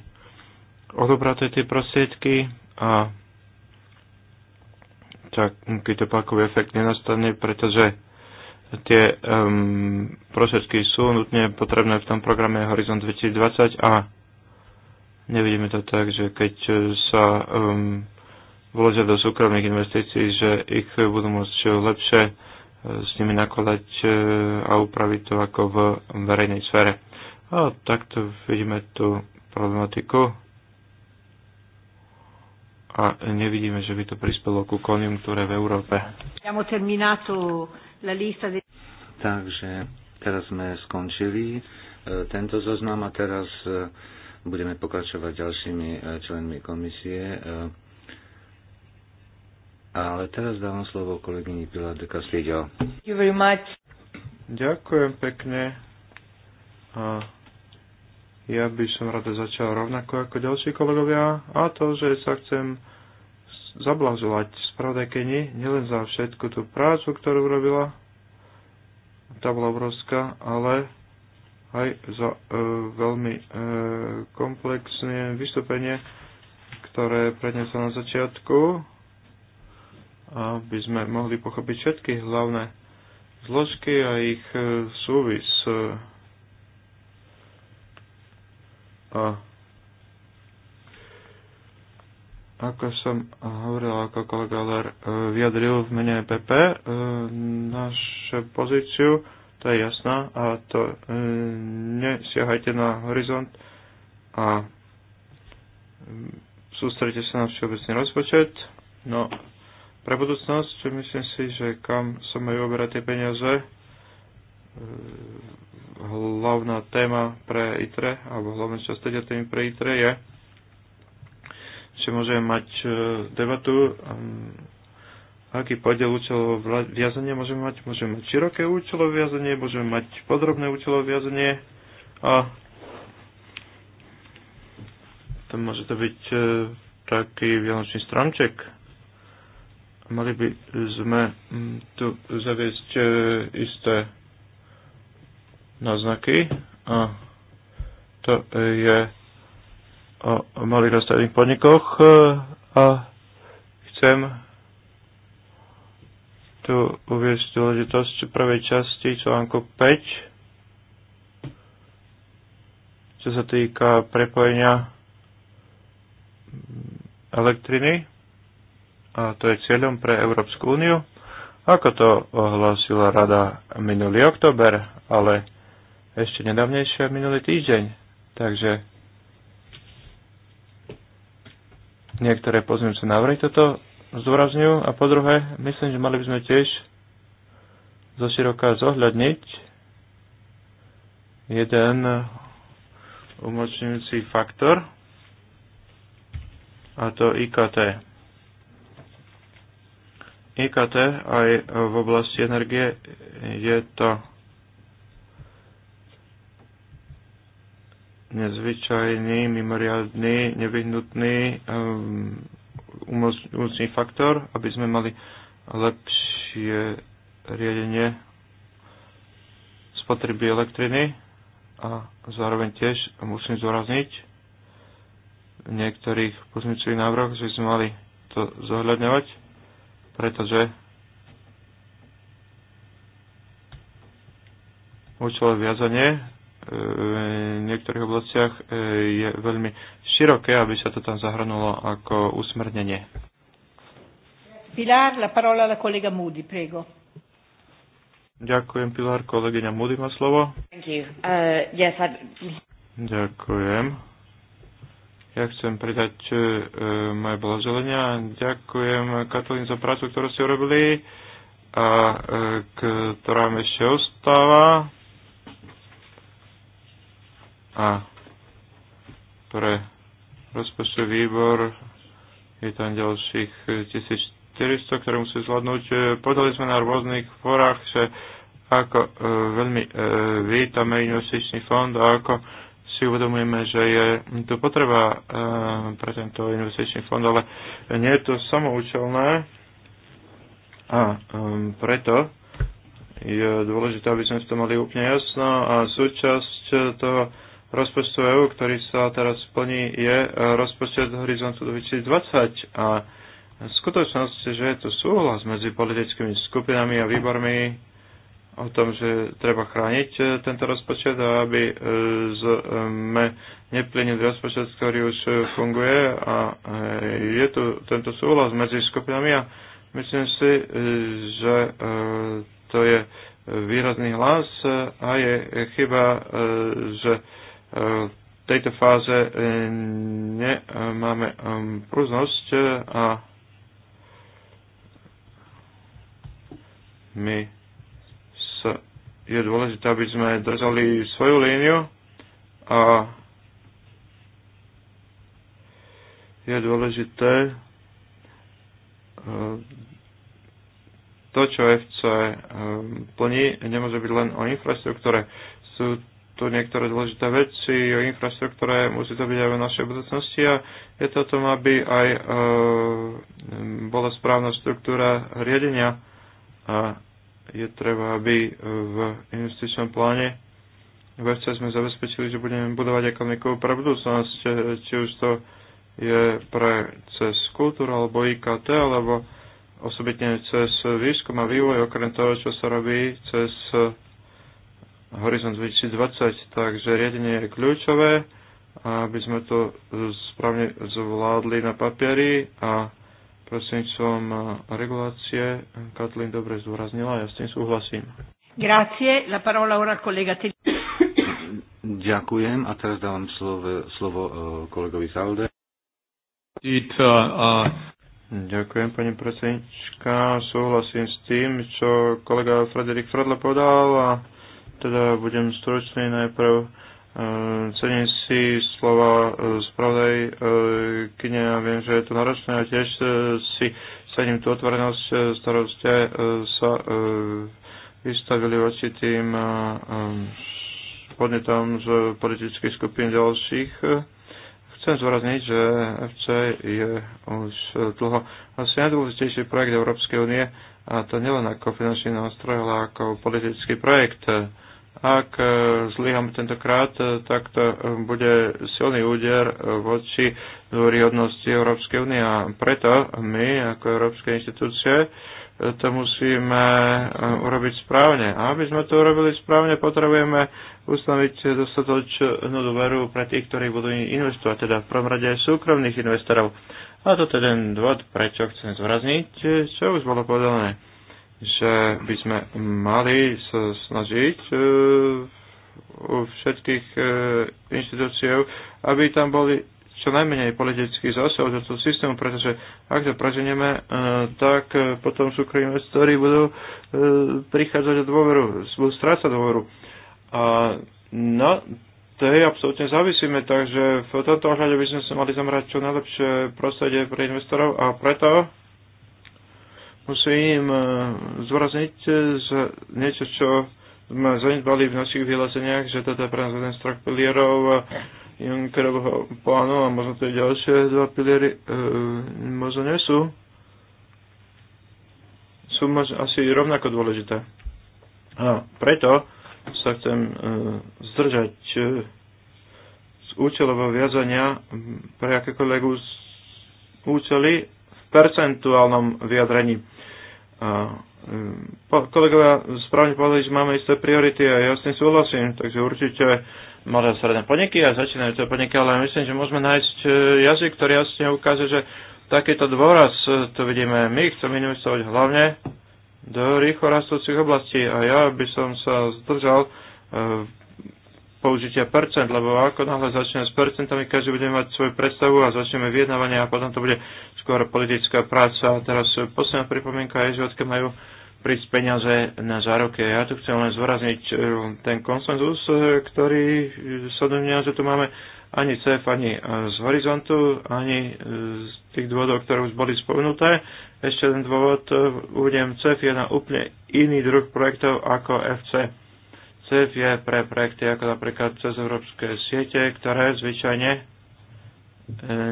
Speaker 3: odobraté tie prostriedky a to pakový efekt nenastane, pretože tie um, ehm, prostriedky sú nutne potrebné v tom programe Horizon 2020 a nevidíme to tak, že keď sa um, vložia do súkromných investícií, že ich budú môcť lepšie s nimi nakladať e, a upraviť to ako v verejnej sfére. A takto vidíme tú problematiku a nevidíme, že by to prispelo ku konjunktúre v Európe. Takže teraz sme
Speaker 2: skončili e, tento zoznam a teraz e, budeme pokračovať ďalšími členmi komisie. Ale teraz dávam slovo kolegyni Pilar de Castillo.
Speaker 3: Ďakujem pekne. A ja by som rada začal rovnako ako ďalší kolegovia a to, že sa chcem zablažovať spravodajkeni nielen za všetku tú prácu, ktorú robila, tá bola obrovská, ale aj za e, veľmi e, komplexné vystúpenie, ktoré prednesla na začiatku aby sme mohli pochopiť všetky hlavné zložky a ich e, súvis. A ako som hovoril, ako kolega Ler e, vyjadril v mene PP, e našu pozíciu, to je jasná, a to nesiahajte na horizont a mm, sústredite sa na všeobecný rozpočet. No, pre budúcnosť myslím si, že kam sa majú oberať tie peniaze, e, hlavná téma pre ITRE, alebo hlavná časť teda témy pre ITRE je, že môžeme mať e, debatu, aký podiel účelov viazania môžeme mať. Môžeme mať široké účelové viazanie, môžeme mať podrobné účelové viazanie a to môže to byť e, taký vianočný stromček, mali by sme mm, tu zaviesť e, isté náznaky a to je o malých a stredných podnikoch e, a chcem tu uviezť dôležitosť prvej časti článku 5 čo sa týka prepojenia elektriny a to je cieľom pre Európsku úniu, ako to ohlásila rada minulý oktober, ale ešte nedávnejšie minulý týždeň. Takže niektoré pozmeňujúce návrhy toto zdôrazňujú a po druhé, myslím, že mali by sme tiež zoširoka zohľadniť jeden umočňujúci faktor, a to IKT. IKT aj v oblasti energie je to nezvyčajný, mimoriadný, nevyhnutný um, umocný faktor, aby sme mali lepšie riadenie spotreby elektriny a zároveň tiež musím zdôrazniť v niektorých pozmicových návrhoch, že sme mali to zohľadňovať pretože účelové viazanie e, v niektorých oblastiach e, je veľmi široké, aby sa to tam zahrnulo ako usmrnenie.
Speaker 1: Pilar, la parola la kolega Moody, prego.
Speaker 3: Ďakujem, Pilar. Kolegyňa Moody má slovo.
Speaker 1: Thank you. Uh, yes, I...
Speaker 3: Ďakujem ja chcem pridať e, e, moje blaželenia. Ďakujem Katalín za prácu, ktorú ste urobili a e, ktorá mi ešte ostáva. A pre rozpočtový výbor je tam ďalších 1400, ktoré musí zvládnuť. E, podali sme na rôznych forách, že ako e, veľmi e, vítame investičný fond a ako e, si uvedomujeme, že je tu potreba eh, pre tento investičný fond, ale nie je to samoučelné a ehm, preto je dôležité, aby sme to mali úplne jasno a súčasť toho rozpočtu EU, ktorý sa teraz plní, je eh, rozpočet horizontu 2020 a skutočnosť, že je to súhlas medzi politickými skupinami a výbormi o tom, že treba chrániť e, tento rozpočet a aby sme e, e, neplenili rozpočet, ktorý už funguje a je tu tento súhlas medzi skupinami a myslím si, že to je výrazný hlas a je chyba, že v tejto fáze nemáme prúznosť a my je dôležité, aby sme držali svoju líniu a je dôležité e, to, čo FC e, plní, nemôže byť len o infraštruktúre. Sú tu niektoré dôležité veci o infraštruktúre, musí to byť aj v našej budúcnosti a je to o tom, aby aj e, bola správna štruktúra riadenia a je treba, aby v investičnom pláne v sme zabezpečili, že budeme budovať ekonomiku pre budúcnosť, či už to je pre cez kultúru alebo IKT, alebo osobitne cez výskum a vývoj, okrem toho, čo sa robí cez Horizont 2020. Takže riadenie je kľúčové, aby sme to správne zvládli na papieri a prostredníctvom eh, regulácie. Katlin dobre zúraznila, ja s tým súhlasím.
Speaker 1: Grazie, la parola ora kolega Te...
Speaker 2: Ďakujem a teraz dávam slovo, slovo eh, kolegovi Salde.
Speaker 3: It, uh, uh... Ďakujem, pani predsednička. Súhlasím s tým, čo kolega Frederik Fradle podal a teda budem stručný najprv Eh, cením si slova eh, spravodaj eh, kine a viem, že je to náročné a tiež si cením tú otvorenosť, s ktorou ste sa vystavili voči tým podnetom z politických skupín ďalších. Chcem zvorazniť, že FC je už dlho asi najdôležitejší projekt Európskej únie a to nielen ako finančný nástroj, ale ako politický projekt. Ak e, zlyham tentokrát, e, tak to e, bude silný úder voči dôryhodnosti Európskej únie a preto my ako európske inštitúcie to musíme urobiť správne. A aby sme to urobili správne, potrebujeme ustanoviť dostatočnú dôveru pre tých, ktorí budú investovať, teda v prvom rade súkromných investorov. A to je ten dôvod, prečo chcem zvrazniť, čo už bolo povedané že by sme mali sa snažiť e, u všetkých e, inštitúciou, aby tam boli čo najmenej politických zásahov do toho systému, pretože ak to preženieme, e, tak potom súkromní investori budú prichádzať o dôveru, budú strácať dôveru. A na no, je absolútne závisíme, takže v tomto ohľade by sme sa mali zamerať čo najlepšie prostredie pre investorov a preto musím e, zvrazniť z e, niečo, čo sme zanedbali v našich vyhláseniach, že toto je pre nás jeden z troch pilierov e, Junckerovho plánu a možno to je ďalšie dva piliery, e, možno nie sú. Sú možno asi rovnako dôležité. A preto sa chcem e, zdržať e, z účelového viazania pre akékoľvek účely v percentuálnom vyjadrení a e, kolegovia správne povedali, že máme isté priority a ja s tým súhlasím, takže určite malé stredné podniky a začínajú to podniky, ale myslím, že môžeme nájsť e, jazyk, ktorý jasne ukáže, že takýto dôraz, e, to vidíme my, chceme investovať hlavne do rýchlo rastúcich oblastí a ja by som sa zdržal použitia percent, lebo ako náhle začneme s percentami, každý bude mať svoju predstavu a začneme vyjednávanie a potom to bude skôr politická práca. A teraz posledná pripomienka je, že odkiaľ majú prísť peniaze na zároke. Ja tu chcem len zvorazniť eh, ten konsenzus, eh, ktorý sa domňa, že tu máme ani CEF, ani eh, z horizontu, ani z tých dôvodov, ktoré už boli spomenuté. Ešte jeden dôvod, uvediem, CEF je na úplne iný druh projektov ako FC CEF je pre projekty ako napríklad cez európske siete, ktoré zvyčajne e,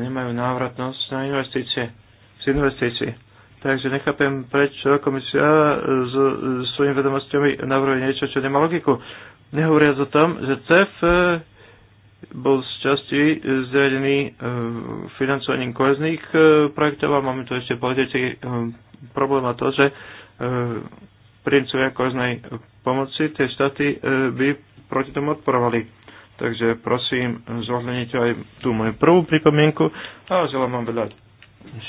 Speaker 3: nemajú návratnosť na investície, z investícií. Takže nechápem, prečo komisia e, s svojimi vedomostiami navrhuje niečo, čo nemá logiku. Nehovoriac o tom, že CEF e, bol z časti zriadený financovaním kohezných projektov a máme tu ešte politický problém a to, že príjemcovia koznej pomoci, tie štáty e, by proti tomu odporovali. Takže prosím, zohľadnite aj tú moju prvú pripomienku a želám vám veľa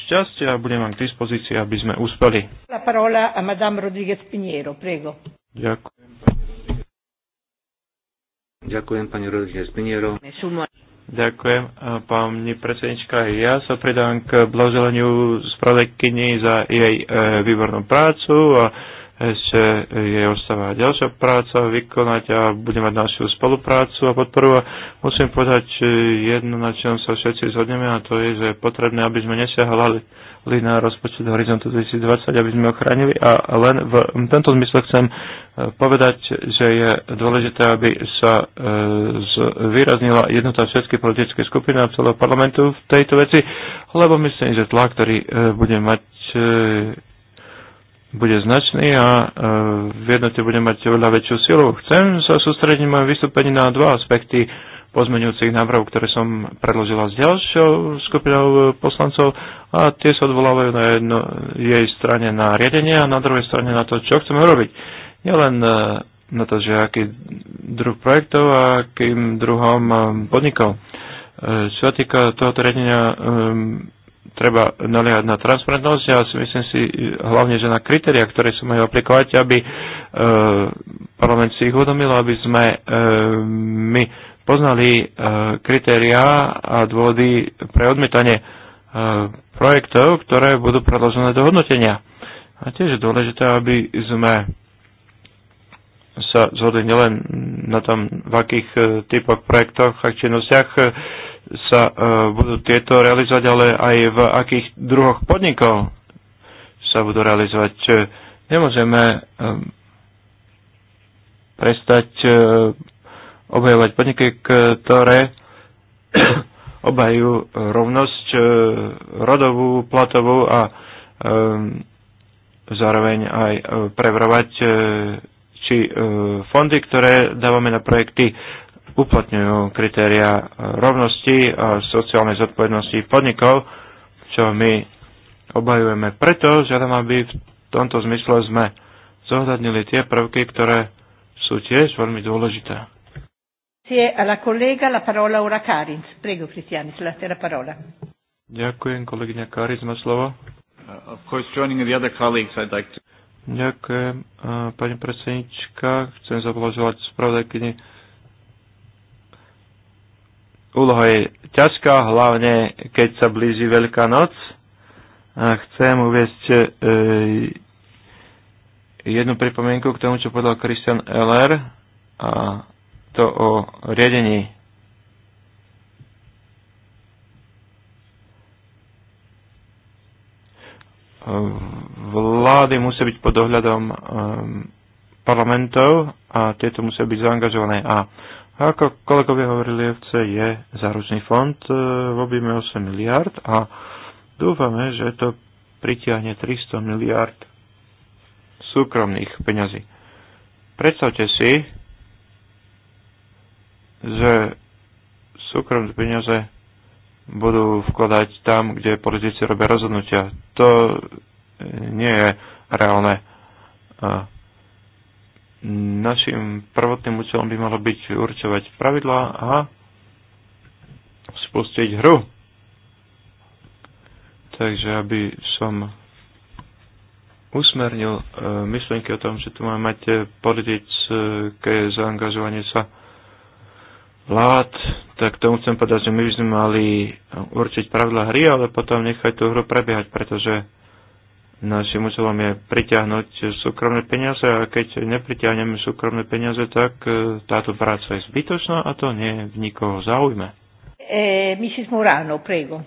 Speaker 3: šťastia a budem vám k dispozícii, aby sme uspeli.
Speaker 1: La parola a Madame Rodriguez Piniero, prego.
Speaker 3: Ďakujem. Ďakujem pani Rodriguez Piniero. Ďakujem, pani predsednička. Ja sa pridám k blaželeniu spravodajkyni za jej e, výbornú prácu a ešte jej ostáva ďalšia práca vykonať a bude mať našu spoluprácu a podporu. A musím povedať jedno, na čom sa všetci zhodneme, a to je, že je potrebné, aby sme nesiahali na rozpočet Horizontu 2020, aby sme ochránili. A len v tento zmysle chcem e, povedať, že je dôležité, aby sa e, výraznila jednota všetkých politické skupiny a celého parlamentu v tejto veci, lebo myslím, že tlak, ktorý e, bude mať bude značný a e, v jednote bude mať oveľa väčšiu silu. Chcem sa sústrediť moje vystúpenie na dva aspekty pozmeňujúcich návrhov, ktoré som predložila s ďalšou skupinou poslancov a tie sa odvolávajú na jedno, jej strane na riadenie a na druhej strane na to, čo chceme robiť. Nielen e, na to, že aký druh projektov a akým druhom e, podnikov. E, čo sa týka tohoto riadenia e, treba naliehať na transparentnosť a si myslím si e, hlavne, že na kritéria, ktoré sa majú aplikovať, aby e, parlament si ich uvedomil, aby sme e, my poznali e, kritéria a dôvody pre odmietanie e, projektov, ktoré budú predložené do hodnotenia. A tiež je dôležité, aby sme sa zhodli nielen na tom, v akých e, typoch projektoch a činnostiach e, sa e, budú tieto realizovať, ale aj v akých druhoch podnikov sa budú realizovať. Nemôžeme e, prestať e, obhajovať podniky, ktoré (coughs) obhajú rovnosť rodovú, platovú a zároveň aj preverovať či fondy, ktoré dávame na projekty uplatňujú kritéria e, rovnosti a sociálnej zodpovednosti podnikov, čo my obhajujeme. Preto žiadam, aby v tomto zmysle sme zohľadnili tie prvky, ktoré sú tiež veľmi dôležité. Ďakujem, kolegyňa Karic má slovo. Uh, Ďakujem, uh, pani predsednička. Chcem zablažovať spravodajkyni úloha je ťažká, hlavne keď sa blíži Veľká noc. A chcem uviesť e, jednu pripomienku k tomu, čo povedal Christian Eller, a to o riadení. Vlády musia byť pod dohľadom e, parlamentov a tieto musia byť zaangažované. A a ako kolegovia hovorili, FC je záručný fond e, v objeme 8 miliard a dúfame, že to pritiahne 300 miliard súkromných peňazí. Predstavte si, že súkromné peniaze budú vkladať tam, kde politici robia rozhodnutia. To nie je reálne našim prvotným účelom by malo byť určovať pravidlá a spustiť hru. Takže aby som usmernil e, myšlienky o tom, že tu máme mať e, politické zaangažovanie sa vlád, tak tomu chcem povedať, že my by sme mali určiť pravidla hry, ale potom nechať tú hru prebiehať, pretože Našim účelom je pritiahnuť súkromné peniaze a keď nepritiahneme súkromné peniaze, tak e, táto práca je zbytočná a to nie v nikoho zaujme.
Speaker 1: E, Mrs. Morano, prego.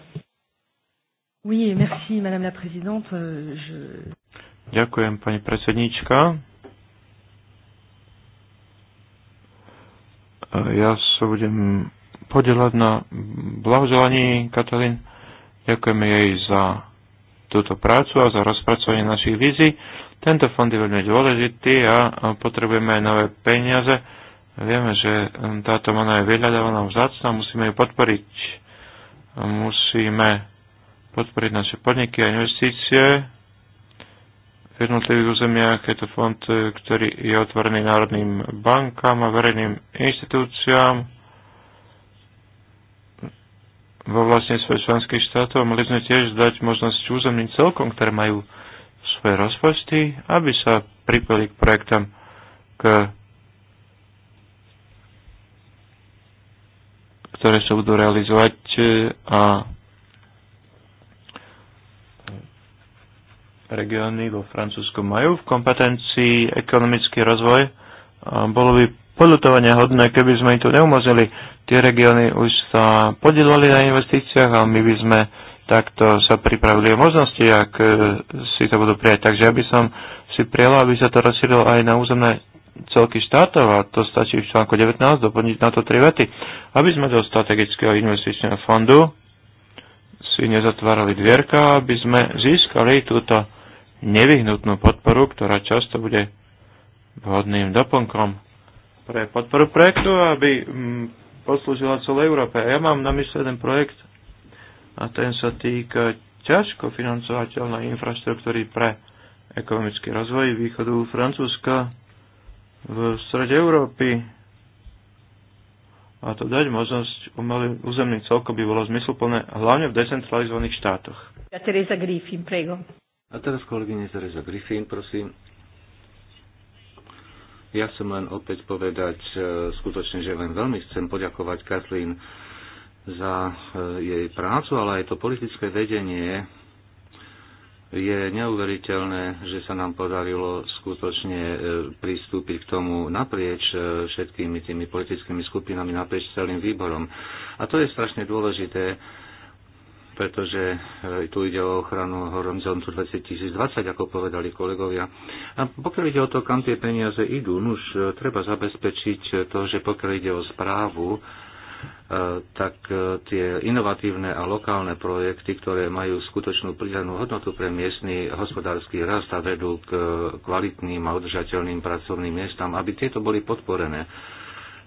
Speaker 1: Oui, merci, madame la présidente. Euh, je...
Speaker 3: Ďakujem, pani predsednička. E, ja sa budem podelať na blahoželaní Katalín. Ďakujeme jej za túto prácu a za rozpracovanie našich vizí. Tento fond je veľmi dôležitý a potrebujeme aj nové peniaze. Vieme, že um, táto mana je vyhľadávaná vzácna, musíme ju podporiť. Musíme podporiť naše podniky a investície v jednotlivých územiach. Je to fond, ktorý je otvorený národným bankám a verejným inštitúciám vo vlastne vlastníctve členských štátov mali sme tiež dať možnosť územným celkom, ktoré majú svoje rozpočty, aby sa pripeli k projektom k ktoré sa budú realizovať e, a regióny vo Francúzsku majú v kompetencii ekonomický rozvoj. A bolo by podľutovania hodné, keby sme im to neumožnili. Tie regióny už sa podielali na investíciách a my by sme takto sa pripravili o možnosti, ak e, si to budú prijať. Takže ja by som si prijal, aby sa to rozšírilo aj na územné celky štátov a to stačí v článku 19 doplniť na to tri vety, aby sme do strategického investičného fondu si nezatvárali dvierka, aby sme získali túto nevyhnutnú podporu, ktorá často bude vhodným doplnkom pre podporu projektu, aby mm, poslúžila celej Európe. A ja mám na mysle jeden projekt a ten sa týka ťažko financovateľnej infraštruktúry pre ekonomický rozvoj východu Francúzska v strede Európy. A to dať možnosť umelým územným celkom by bolo zmysluplné, hlavne v decentralizovaných štátoch.
Speaker 1: Teresa Griffin, prego.
Speaker 3: A teraz kolegyne Teresa Griffin, prosím.
Speaker 2: Ja som len opäť povedať e, skutočne, že len veľmi chcem poďakovať Katlín za e, jej prácu, ale aj to politické vedenie je neuveriteľné, že sa nám podarilo skutočne e, pristúpiť k tomu naprieč všetkými tými politickými skupinami, naprieč celým výborom. A to je strašne dôležité, pretože e, tu ide o ochranu horizontu 2020, ako povedali kolegovia. A pokiaľ ide o to, kam tie peniaze idú, už e, treba zabezpečiť to, že pokiaľ ide o správu, e, tak tie inovatívne a lokálne projekty, ktoré majú skutočnú pridanú hodnotu pre miestny hospodársky rast a vedú k kvalitným a udržateľným pracovným miestam, aby tieto boli podporené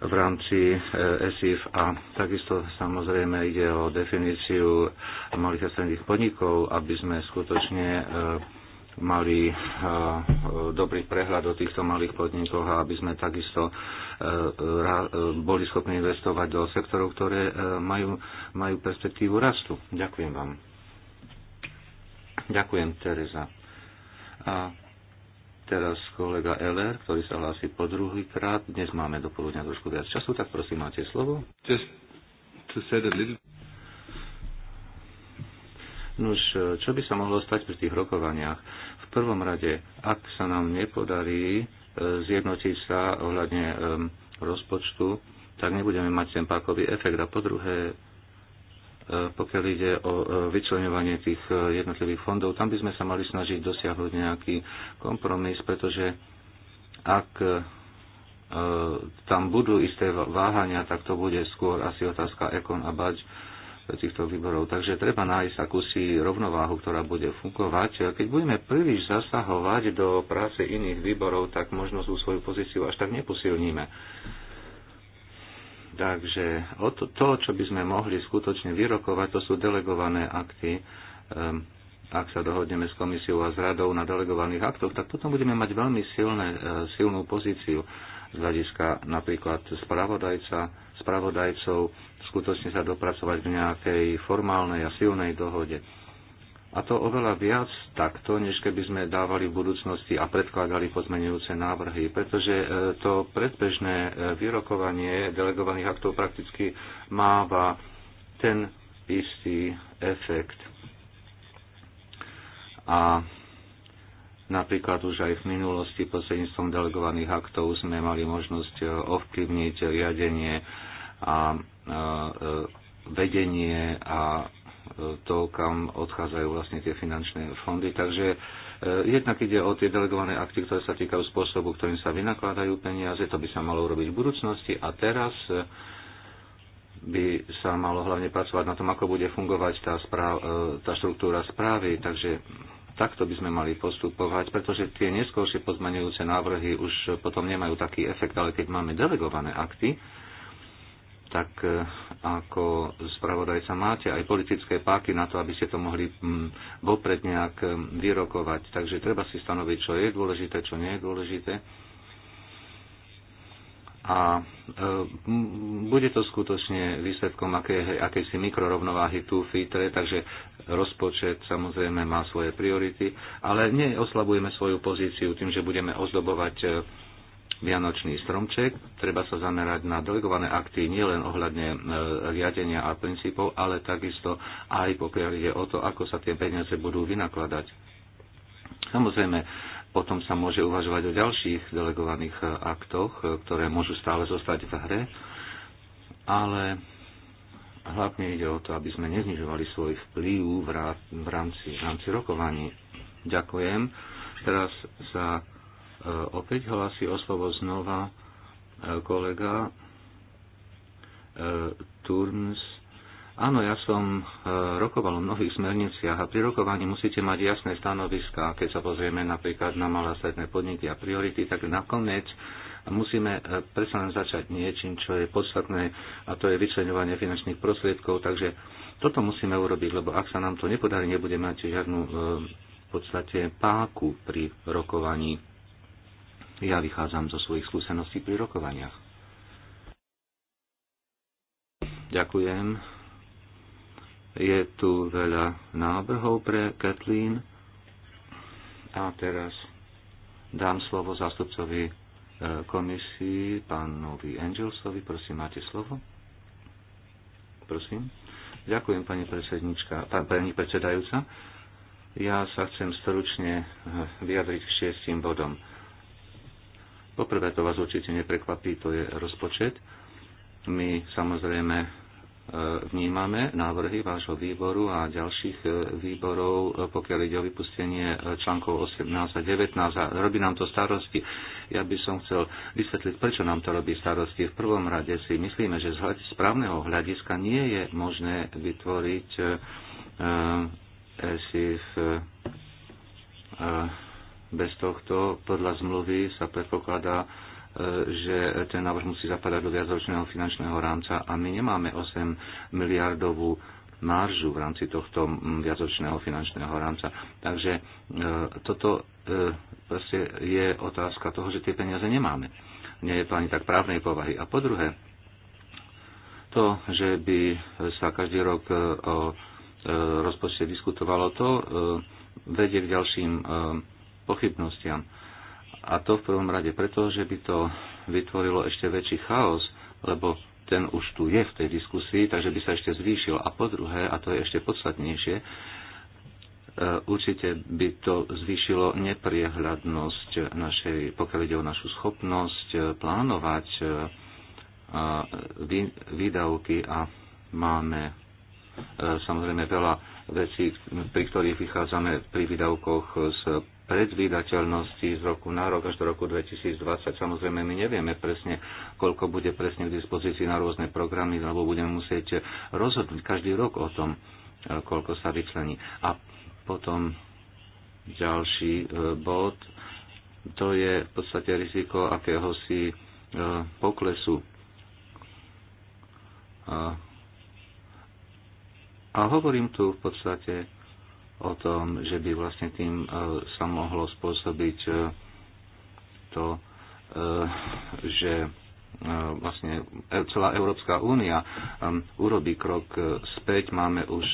Speaker 2: v rámci ESIF a takisto samozrejme ide o definíciu malých a stredných podnikov, aby sme skutočne e, mali e, dobrý prehľad o týchto malých podnikoch a aby sme takisto e, boli schopní investovať do sektorov, ktoré majú, majú perspektívu rastu. Ďakujem vám. Ďakujem, Teresa. A teraz kolega Eller, ktorý sa hlási po druhý krát. Dnes máme do poludňa trošku viac času, tak prosím, máte slovo. Just to say a little... Nož, čo by sa mohlo stať pri tých rokovaniach? V prvom rade, ak sa nám nepodarí e, zjednotiť sa ohľadne rozpočtu, tak nebudeme mať ten pákový efekt. A po druhé, E, pokiaľ ide o e, vyčlenovanie tých e, jednotlivých fondov, tam by sme sa mali snažiť dosiahnuť nejaký kompromis, pretože ak tam budú isté váhania, tak to bude skôr asi otázka Ekon a Bač týchto výborov. Takže treba nájsť akúsi rovnováhu, ktorá bude fungovať. Keď budeme príliš zasahovať do práce iných výborov, tak možno tú svoju pozíciu až tak neposilníme. Takže o to, to, čo by sme mohli skutočne vyrokovať, to sú delegované akty. Um, ak sa dohodneme s komisiou a s radou na delegovaných aktoch, tak potom budeme mať veľmi silné, e, silnú pozíciu z hľadiska napríklad spravodajca, spravodajcov, skutočne sa dopracovať v nejakej formálnej a silnej dohode. A to oveľa viac takto, než keby sme dávali v budúcnosti a predkladali pozmenujúce návrhy, pretože e, to predbežné e, vyrokovanie delegovaných aktov prakticky máva ten istý efekt. A Napríklad už aj v minulosti posledníctvom delegovaných aktov sme mali možnosť e, ovplyvniť riadenie a vedenie a to, kam odchádzajú vlastne tie finančné fondy. Takže e, jednak ide o tie delegované akty, ktoré sa týkajú spôsobu, ktorým sa vynakladajú peniaze, to by sa malo urobiť v budúcnosti a teraz e, by sa malo hlavne pracovať na tom, ako bude fungovať tá, správ, e, tá štruktúra správy. Takže takto by sme mali postupovať, pretože tie neskôršie pozmaňujúce návrhy už potom nemajú taký efekt, ale keď máme delegované akty, tak e, ako spravodajca máte aj politické páky na to, aby ste to mohli mm, vopred nejak e, vyrokovať. Takže treba si stanoviť, čo je dôležité, čo nie je dôležité. A e, bude to skutočne výsledkom aké, akejsi mikrorovnováhy tu v takže rozpočet samozrejme má svoje priority, ale neoslabujeme svoju pozíciu tým, že budeme ozdobovať e, vianočný stromček. Treba sa zamerať na delegované akty nielen ohľadne e, riadenia a princípov, ale takisto aj pokiaľ ide o to, ako sa tie peniaze budú vynakladať. Samozrejme, potom sa môže uvažovať o ďalších delegovaných e, aktoch, e, ktoré môžu stále zostať v hre, ale hlavne ide o to, aby sme neznižovali svoj vplyv v rámci, v rámci rokovaní. Ďakujem. Teraz sa E, opäť hlási o slovo znova e, kolega e, Turns. Áno, ja som rokoval o mnohých smerniciach a pri rokovaní musíte mať jasné stanoviská. Keď sa pozrieme napríklad na malé stredné podniky a priority, tak nakoniec musíme predsa len začať niečím, čo je podstatné a to je vyčlenovanie finančných prostriedkov. Takže toto musíme urobiť, lebo ak sa nám to nepodarí, nebudeme mať žiadnu v podstate páku pri rokovaní ja vychádzam zo svojich skúseností pri rokovaniach. Ďakujem. Je tu veľa nábehov pre Kathleen. A teraz dám slovo zástupcovi e, komisii, pánovi Angelsovi. Prosím, máte slovo. Prosím. Ďakujem, pani, predsednička, pani predsedajúca. Ja sa chcem stručne e, vyjadriť k šiestim bodom. Poprvé, to vás určite neprekvapí, to je rozpočet. My samozrejme e, vnímame návrhy vášho výboru a ďalších e, výborov, e, pokiaľ ide o vypustenie článkov 18 a 19 a robí nám to starosti. Ja by som chcel vysvetliť, prečo nám to robí starosti. V prvom rade si myslíme, že z správneho hľadiska nie je možné vytvoriť si v bez tohto podľa zmluvy sa predpokladá, e, že ten návrh musí zapadať do viacročného finančného rámca a my nemáme 8 miliardovú maržu v rámci tohto viacročného finančného rámca. Takže e, toto e, proste je otázka toho, že tie peniaze nemáme. Nie je to ani tak právnej povahy. A po druhé, to, že by sa každý rok o rozpočte diskutovalo, to vedie k ďalším pochybnostiam. A to v prvom rade preto, že by to vytvorilo ešte väčší chaos, lebo ten už tu je v tej diskusii, takže by sa ešte zvýšil. A po druhé, a to je ešte podstatnejšie, e, určite by to zvýšilo nepriehľadnosť našej, pokiaľ ide o našu schopnosť e, plánovať e, výdavky a máme samozrejme veľa vecí, pri ktorých vychádzame pri výdavkoch z predvídateľnosti z roku na rok až do roku 2020. Samozrejme, my nevieme presne, koľko bude presne k dispozícii na rôzne programy, lebo budeme musieť rozhodnúť každý rok o tom, e, koľko sa vyčlení. A potom ďalší e, bod, to je v podstate riziko akéhosi e, poklesu. A, a hovorím tu v podstate o tom, že by vlastne tým e, sa mohlo spôsobiť e, to, e, že vlastne celá Európska únia urobí krok späť. Máme už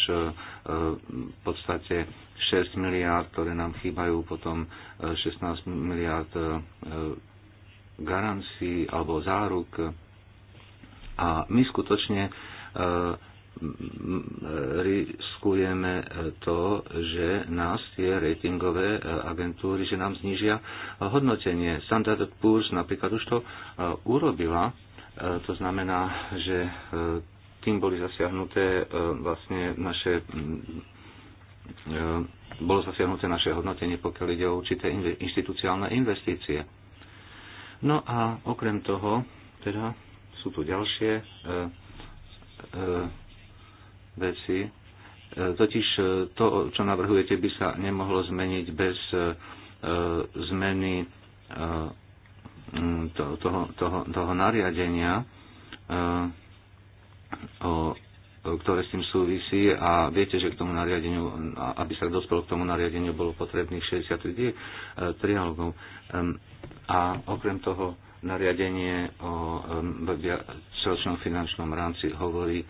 Speaker 2: v podstate 6 miliárd, ktoré nám chýbajú, potom 16 miliárd garancií alebo záruk. A my skutočne riskujeme to, že nás tie ratingové agentúry, že nám znižia hodnotenie. Standard Poor's napríklad už to e, urobila, e, to znamená, že e, tým boli zasiahnuté vlastne naše mm, bolo zasiahnuté naše hodnotenie, pokiaľ ide o určité inštitúciálne investície. No a okrem toho, teda sú tu ďalšie e, e, veci. E, totiž e, to, čo navrhujete, by sa nemohlo zmeniť bez e, zmeny toho, toho, toho nariadenia, o, ktoré s tým súvisí a viete, že k tomu nariadeniu, aby sa dospel k tomu nariadeniu, bolo potrebných 60 ľudí triálogov. A okrem toho nariadenie o celočnom finančnom rámci hovorí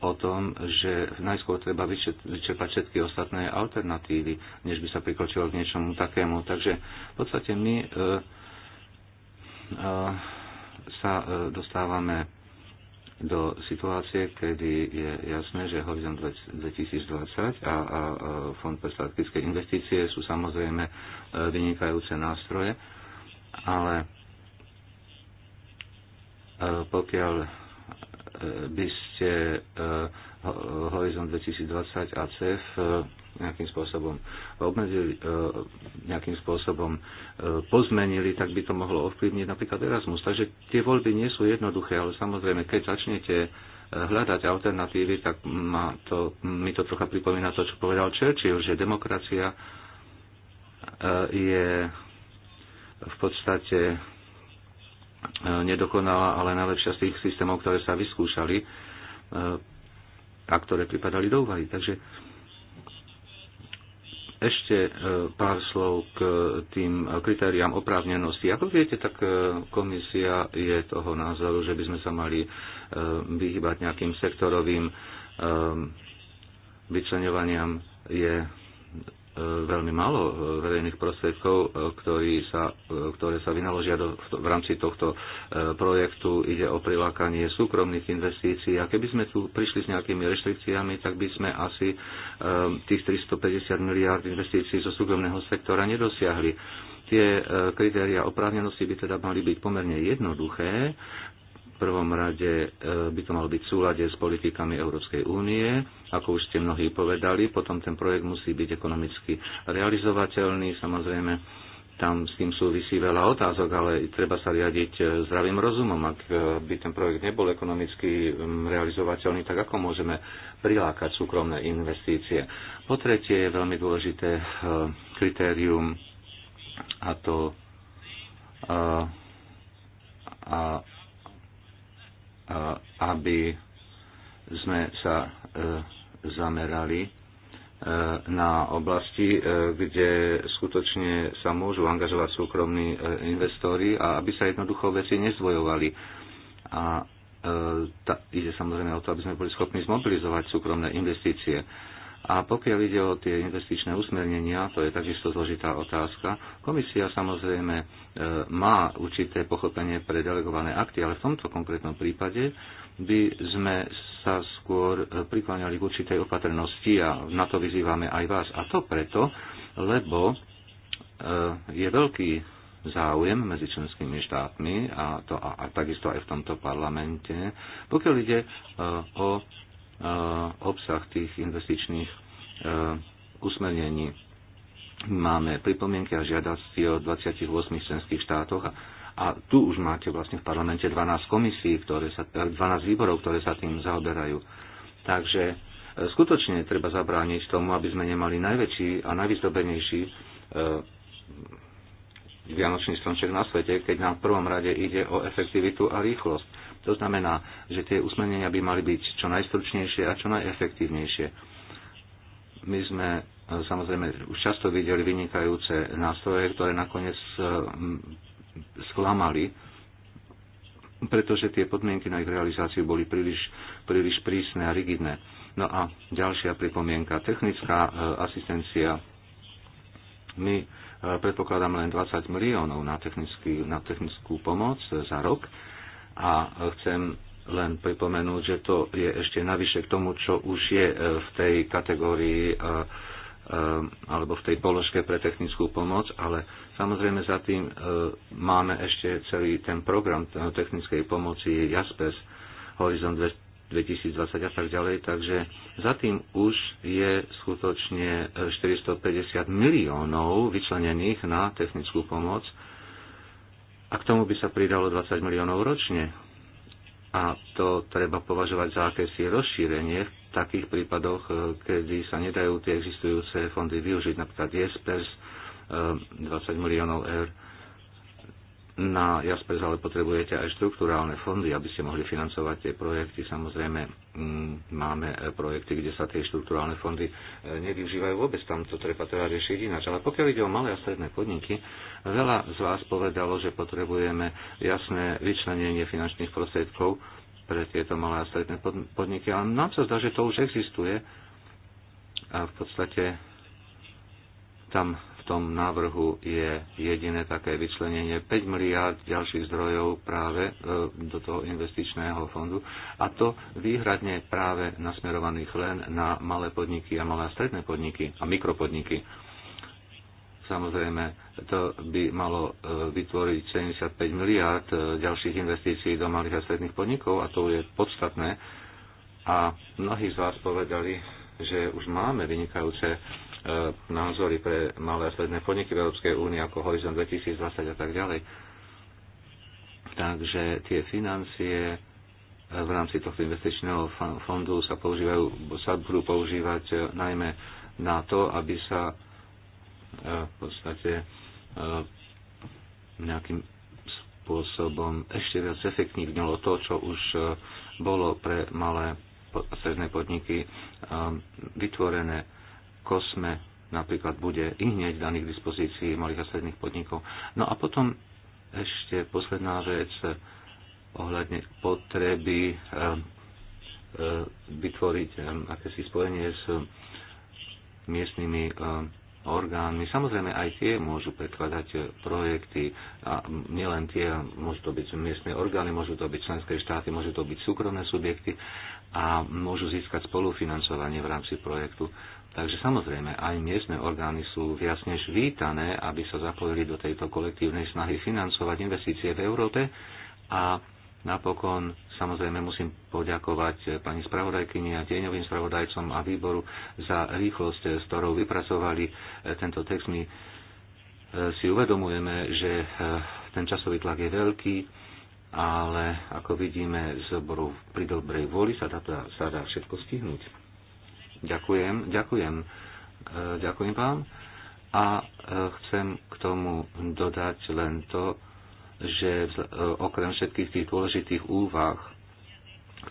Speaker 2: o tom, že najskôr treba vyčerpať všetky ostatné alternatívy, než by sa prikročilo k niečomu takému. Takže v podstate my e, e, sa e, dostávame do situácie, kedy je jasné, že Horizon 2020 a, a Fond pre strategické investície sú samozrejme vynikajúce nástroje, ale pokiaľ by ste eh, Horizon 2020 a CEF eh, nejakým spôsobom obmedzili, eh, nejakým spôsobom pozmenili, tak by to mohlo ovplyvniť napríklad Erasmus. Takže tie voľby nie sú jednoduché, ale samozrejme, keď začnete hľadať alternatívy, tak ma to, mi to trocha pripomína to, čo povedal Churchill, že demokracia je v podstate nedokonalá, ale najlepšia z tých systémov, ktoré sa vyskúšali e, a ktoré pripadali do úvahy. Takže ešte e, pár slov k tým kritériám oprávnenosti. Ako viete, tak e, komisia je toho názoru, že by sme sa mali vyhybať nejakým sektorovým vyčlenovaniam. Je veľmi málo e, verejných prostriedkov, e, sa, e, ktoré sa vynaložia do, v rámci tohto projektu. Ide o prilákanie súkromných investícií a keby sme tu prišli s nejakými reštrikciami, tak by sme asi tých 350 miliárd investícií zo súkromného sektora nedosiahli. Tie kritéria oprávnenosti by teda mali byť pomerne jednoduché prvom rade e, by to malo byť v súlade s politikami Európskej únie, ako už ste mnohí povedali. Potom ten projekt musí byť ekonomicky realizovateľný, samozrejme. Tam s tým súvisí veľa otázok, ale treba sa riadiť e, zdravým rozumom. Ak e, by ten projekt nebol ekonomicky realizovateľný, tak ako môžeme prilákať súkromné investície? Po tretie je veľmi dôležité kritérium a to a, a aby sme sa e, zamerali e, na oblasti, e, kde skutočne sa môžu angažovať súkromní investori a aby sa jednoducho veci nezdvojovali. A ide samozrejme o to, aby sme boli schopní zmobilizovať súkromné investície. A pokiaľ ide o tie investičné usmernenia, to je takisto zložitá otázka, komisia samozrejme e, má určité pochopenie pre delegované akty, ale v tomto konkrétnom prípade by sme sa skôr e, prikláňali k určitej opatrnosti a na to vyzývame aj vás. A to preto, lebo e, je veľký záujem medzi členskými štátmi a, to, a, a takisto aj v tomto parlamente, pokiaľ ide o obsah tých investičných e, usmernení. Máme pripomienky a žiadosti od 28 členských štátoch a, a tu už máte vlastne v parlamente 12 komisí, ktoré sa, 12 e, výborov, ktoré sa tým zaoberajú. Takže e, skutočne treba zabrániť tomu, aby sme nemali najväčší a najvyzdobenejší vianočný stromček na svete, keď nám v prvom rade ide o efektivitu a rýchlosť. To znamená, že tie usmernenia by mali byť čo najstručnejšie a čo najefektívnejšie. My sme e, samozrejme už často videli vynikajúce nástroje, ktoré nakoniec e, sklamali, pretože tie podmienky na ich realizáciu boli príliš, príliš prísne a rigidné. No a ďalšia pripomienka, technická e, asistencia. My predpokladáme len 20 miliónov na, technickú pomoc za rok a chcem len pripomenúť, že to je ešte navyše k tomu, čo už je e, v tej kategórii e, e, alebo v tej položke pre technickú pomoc, ale samozrejme za tým máme ešte celý ten program technickej pomoci JASPES, Horizon 2020 a tak ďalej, takže za tým už je skutočne 450 miliónov vyčlenených na technickú pomoc a k tomu by sa pridalo 20 miliónov ročne. A to treba považovať za akési rozšírenie v takých prípadoch, eh, kedy sa nedajú tie existujúce fondy využiť, napríklad Jespers 20 eh, miliónov eur na Jaspers ale potrebujete aj štruktúrálne fondy, aby ste mohli financovať tie projekty. Samozrejme, mm, máme projekty, kde sa tie štruktúrálne fondy e, nevyužívajú vôbec, tam to treba teda riešiť ináč. Ale pokiaľ ide o malé a stredné podniky, veľa z vás povedalo, že potrebujeme jasné vyčlenenie finančných prostriedkov pre tieto malé a stredné podniky, ale nám sa zdá, že to už existuje a v podstate tam tom návrhu je jediné také vyčlenenie 5 miliard ďalších zdrojov práve e, do toho investičného fondu a to výhradne práve nasmerovaných len na malé podniky a malé a stredné podniky a mikropodniky. Samozrejme, to by malo e, vytvoriť 75 miliard e, ďalších investícií do malých a stredných podnikov a to je podstatné. A mnohí z vás povedali, že už máme vynikajúce E, názory pre malé a stredné podniky v Európskej únie ako Horizon 2020 a tak ďalej. Takže tie financie e, v rámci tohto investičného fondu sa používajú, sa budú používať e, najmä na to, aby sa v podstate nejakým spôsobom ešte viac efektívnilo to, čo už bolo pre malé stredné podniky vytvorené. Kosme napríklad bude i hneď daných dispozícií malých a stredných podnikov. No a potom ešte posledná vec ohľadne potreby eh, eh, vytvoriť eh, akési spojenie s miestnymi orgánmi. Samozrejme, aj tie môžu predkladať projekty, a nielen tie, môžu to byť miestne orgány, môžu to byť členské štáty, môžu to byť súkromné subjekty a môžu získať spolufinancovanie v rámci projektu. Takže samozrejme, aj miestne orgány sú viac než vítané, aby sa zapojili do tejto kolektívnej snahy financovať investície v Európe. A napokon samozrejme musím poďakovať pani spravodajkyni a tieňovým spravodajcom a výboru za rýchlosť, s ktorou vypracovali e, tento text. My e, si uvedomujeme, že e, ten časový tlak je veľký, ale ako vidíme z oboru pri dobrej voli sa dá, sa dá všetko stihnúť. Ďakujem, ďakujem, e, ďakujem vám. A e, chcem k tomu dodať len to, že e, okrem všetkých tých dôležitých úvah,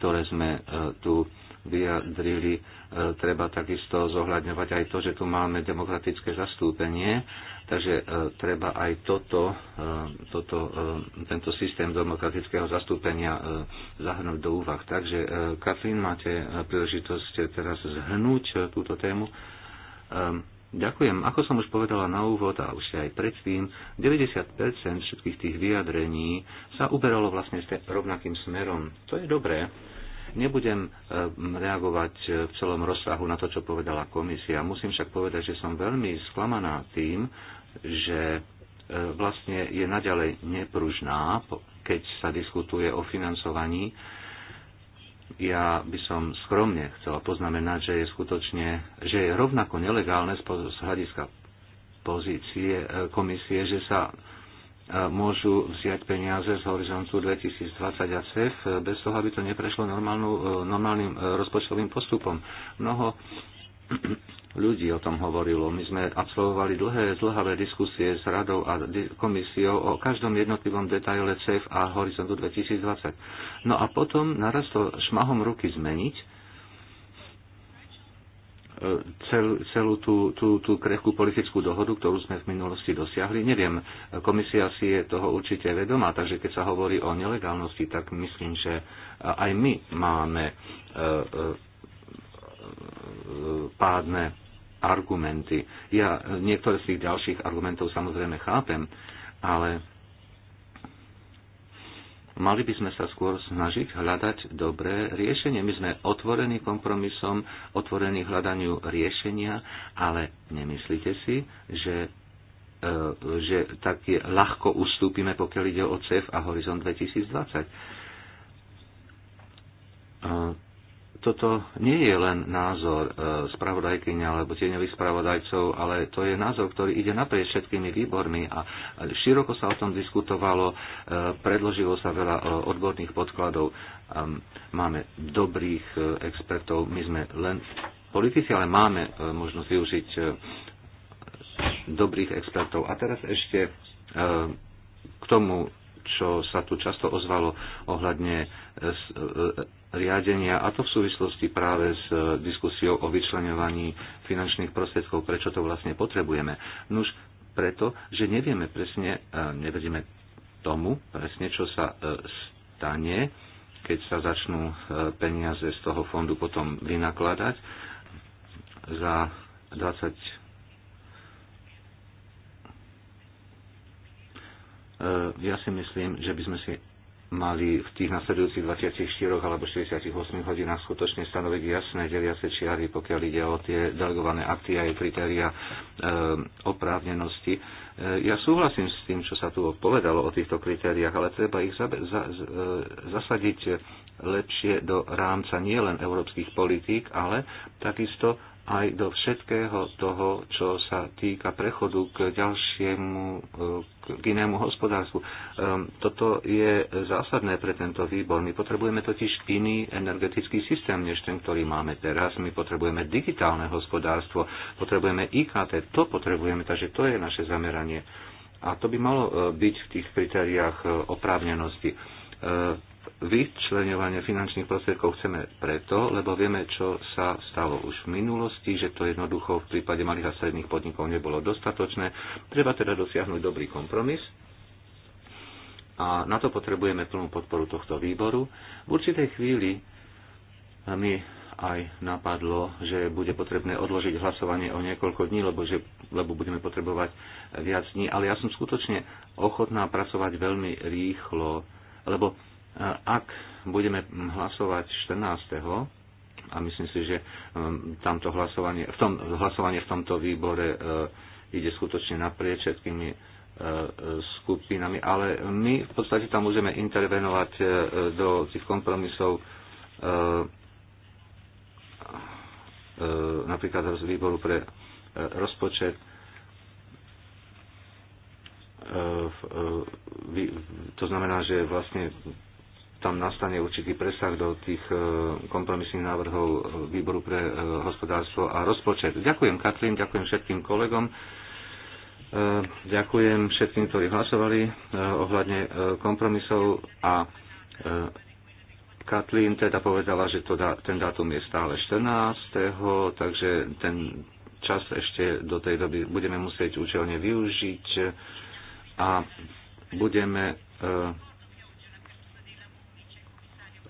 Speaker 2: ktoré sme tu vyjadrili, e, treba takisto zohľadňovať aj to, že tu máme demokratické zastúpenie, takže e, treba aj toto, e, toto, tento systém demokratického zastúpenia zahrnúť do úvah. Takže Katrin, máte príležitosť teraz zhnúť túto tému. Ďakujem. Ako som už povedala na úvod a už aj predtým, 90% všetkých tých vyjadrení sa uberalo vlastne rovnakým smerom. To je dobré Nebudem e, reagovať e, v celom rozsahu na to, čo povedala komisia. Musím však povedať, že som veľmi sklamaná tým, že e, vlastne je naďalej nepružná, keď sa diskutuje o financovaní. Ja by som skromne chcela poznamenať, že je skutočne, že je rovnako nelegálne z hľadiska pozície komisie, že sa môžu vziať peniaze z horizontu 2020 a CEF e, bez toho, aby to neprešlo normálnu, e, normálnym e, rozpočtovým postupom. Mnoho (clears throat) ľudí o tom hovorilo. My sme absolvovali dlhé, dlhavé diskusie s radou a komisiou o každom jednotlivom detaile CEF a horizontu 2020. No a potom naraz to šmahom ruky zmeniť cel, celú tú, tú, tú krehkú politickú dohodu, ktorú sme v minulosti dosiahli. Neviem, komisia si je toho určite vedomá, takže keď sa hovorí o nelegálnosti, tak myslím, že aj my máme e, e, pádne argumenty. Ja niektoré z tých ďalších argumentov samozrejme chápem, ale Mali by sme sa skôr snažiť hľadať dobré riešenie. My sme otvorení kompromisom, otvorení hľadaniu riešenia, ale nemyslíte si, že e, že tak je, ľahko ustúpime, pokiaľ ide o CEF a Horizon 2020 toto nie je len názor e, spravodajkyňa alebo tieňových spravodajcov, ale to je názor, ktorý ide naprieč všetkými výbormi a široko sa o tom diskutovalo, e, predložilo sa veľa e, odborných podkladov. Máme dobrých expertov, my sme len politici, ale máme možnosť využiť dobrých expertov. A teraz ešte k tomu čo sa tu často ozvalo ohľadne e, e, riadenia, a to v súvislosti práve s e, diskusiou o vyčlenovaní finančných prostriedkov, prečo to vlastne potrebujeme. Nuž preto, že nevieme presne, nevedieme tomu presne, čo sa stane, keď sa začnú peniaze z toho fondu potom vynakladať za 20 Eh, ja si myslím, že by sme si mali v tých nasledujúcich 24 alebo 68 hodinách skutočne stanoviť jasné deliace čiary, pokiaľ ide o tie delegované akty a aj kritéria e, oprávnenosti. E, ja súhlasím s tým, čo sa tu povedalo o týchto kritériách, ale treba ich za, za, e, zasadiť lepšie do rámca nielen európskych politík, ale takisto aj do všetkého toho, čo sa týka prechodu k ďalšiemu k inému hospodárstvu. Ehm, toto je zásadné pre tento výbor. My potrebujeme totiž iný energetický systém, než ten, ktorý máme teraz. My potrebujeme digitálne hospodárstvo, potrebujeme IKT, to potrebujeme, takže to je naše zameranie. A to by malo ehm, byť v tých kritériách ehm, oprávnenosti vyčlenovanie finančných prostriedkov chceme preto, lebo vieme, čo sa stalo už v minulosti, že to jednoducho v prípade malých a stredných podnikov nebolo dostatočné. Treba teda dosiahnuť dobrý kompromis a na to potrebujeme plnú podporu tohto výboru. V určitej chvíli mi aj napadlo, že bude potrebné odložiť hlasovanie o niekoľko dní, lebo, že, lebo budeme potrebovať viac dní. Ale ja som skutočne ochotná pracovať veľmi rýchlo, lebo ak budeme hlasovať 14. a myslím si, že um, tamto hlasovanie, v tom, hlasovanie v tomto výbore uh, ide skutočne naprieč všetkými uh, skupinami, ale my v podstate tam môžeme intervenovať uh, do tých kompromisov napríklad z výboru pre rozpočet to znamená, že vlastne tam nastane určitý presah do tých e, kompromisných návrhov e, výboru pre e, hospodárstvo a rozpočet. Ďakujem Katrin, ďakujem všetkým kolegom, ďakujem všetkým, ktorí hlasovali ohľadne kompromisov a Katlín teda povedala, že to da, ten dátum je stále 14. takže ten čas ešte do tej doby budeme musieť účelne využiť a budeme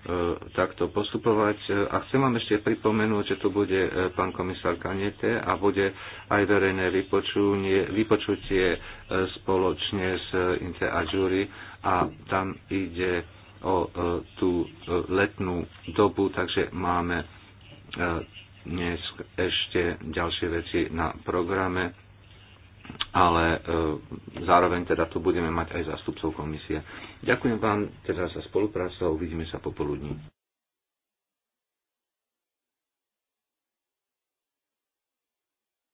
Speaker 2: E, takto postupovať. E, a chcem vám ešte pripomenúť, že tu bude e, pán komisár Kanete a bude aj verejné vypočutie spoločne s Inter a Jury a tam ide o tú letnú dobu, takže máme dnes ešte ďalšie veci na programe ale e, zároveň teda tu budeme mať aj zástupcov komisie. Ďakujem vám teda za spoluprácu a uvidíme sa popoludní.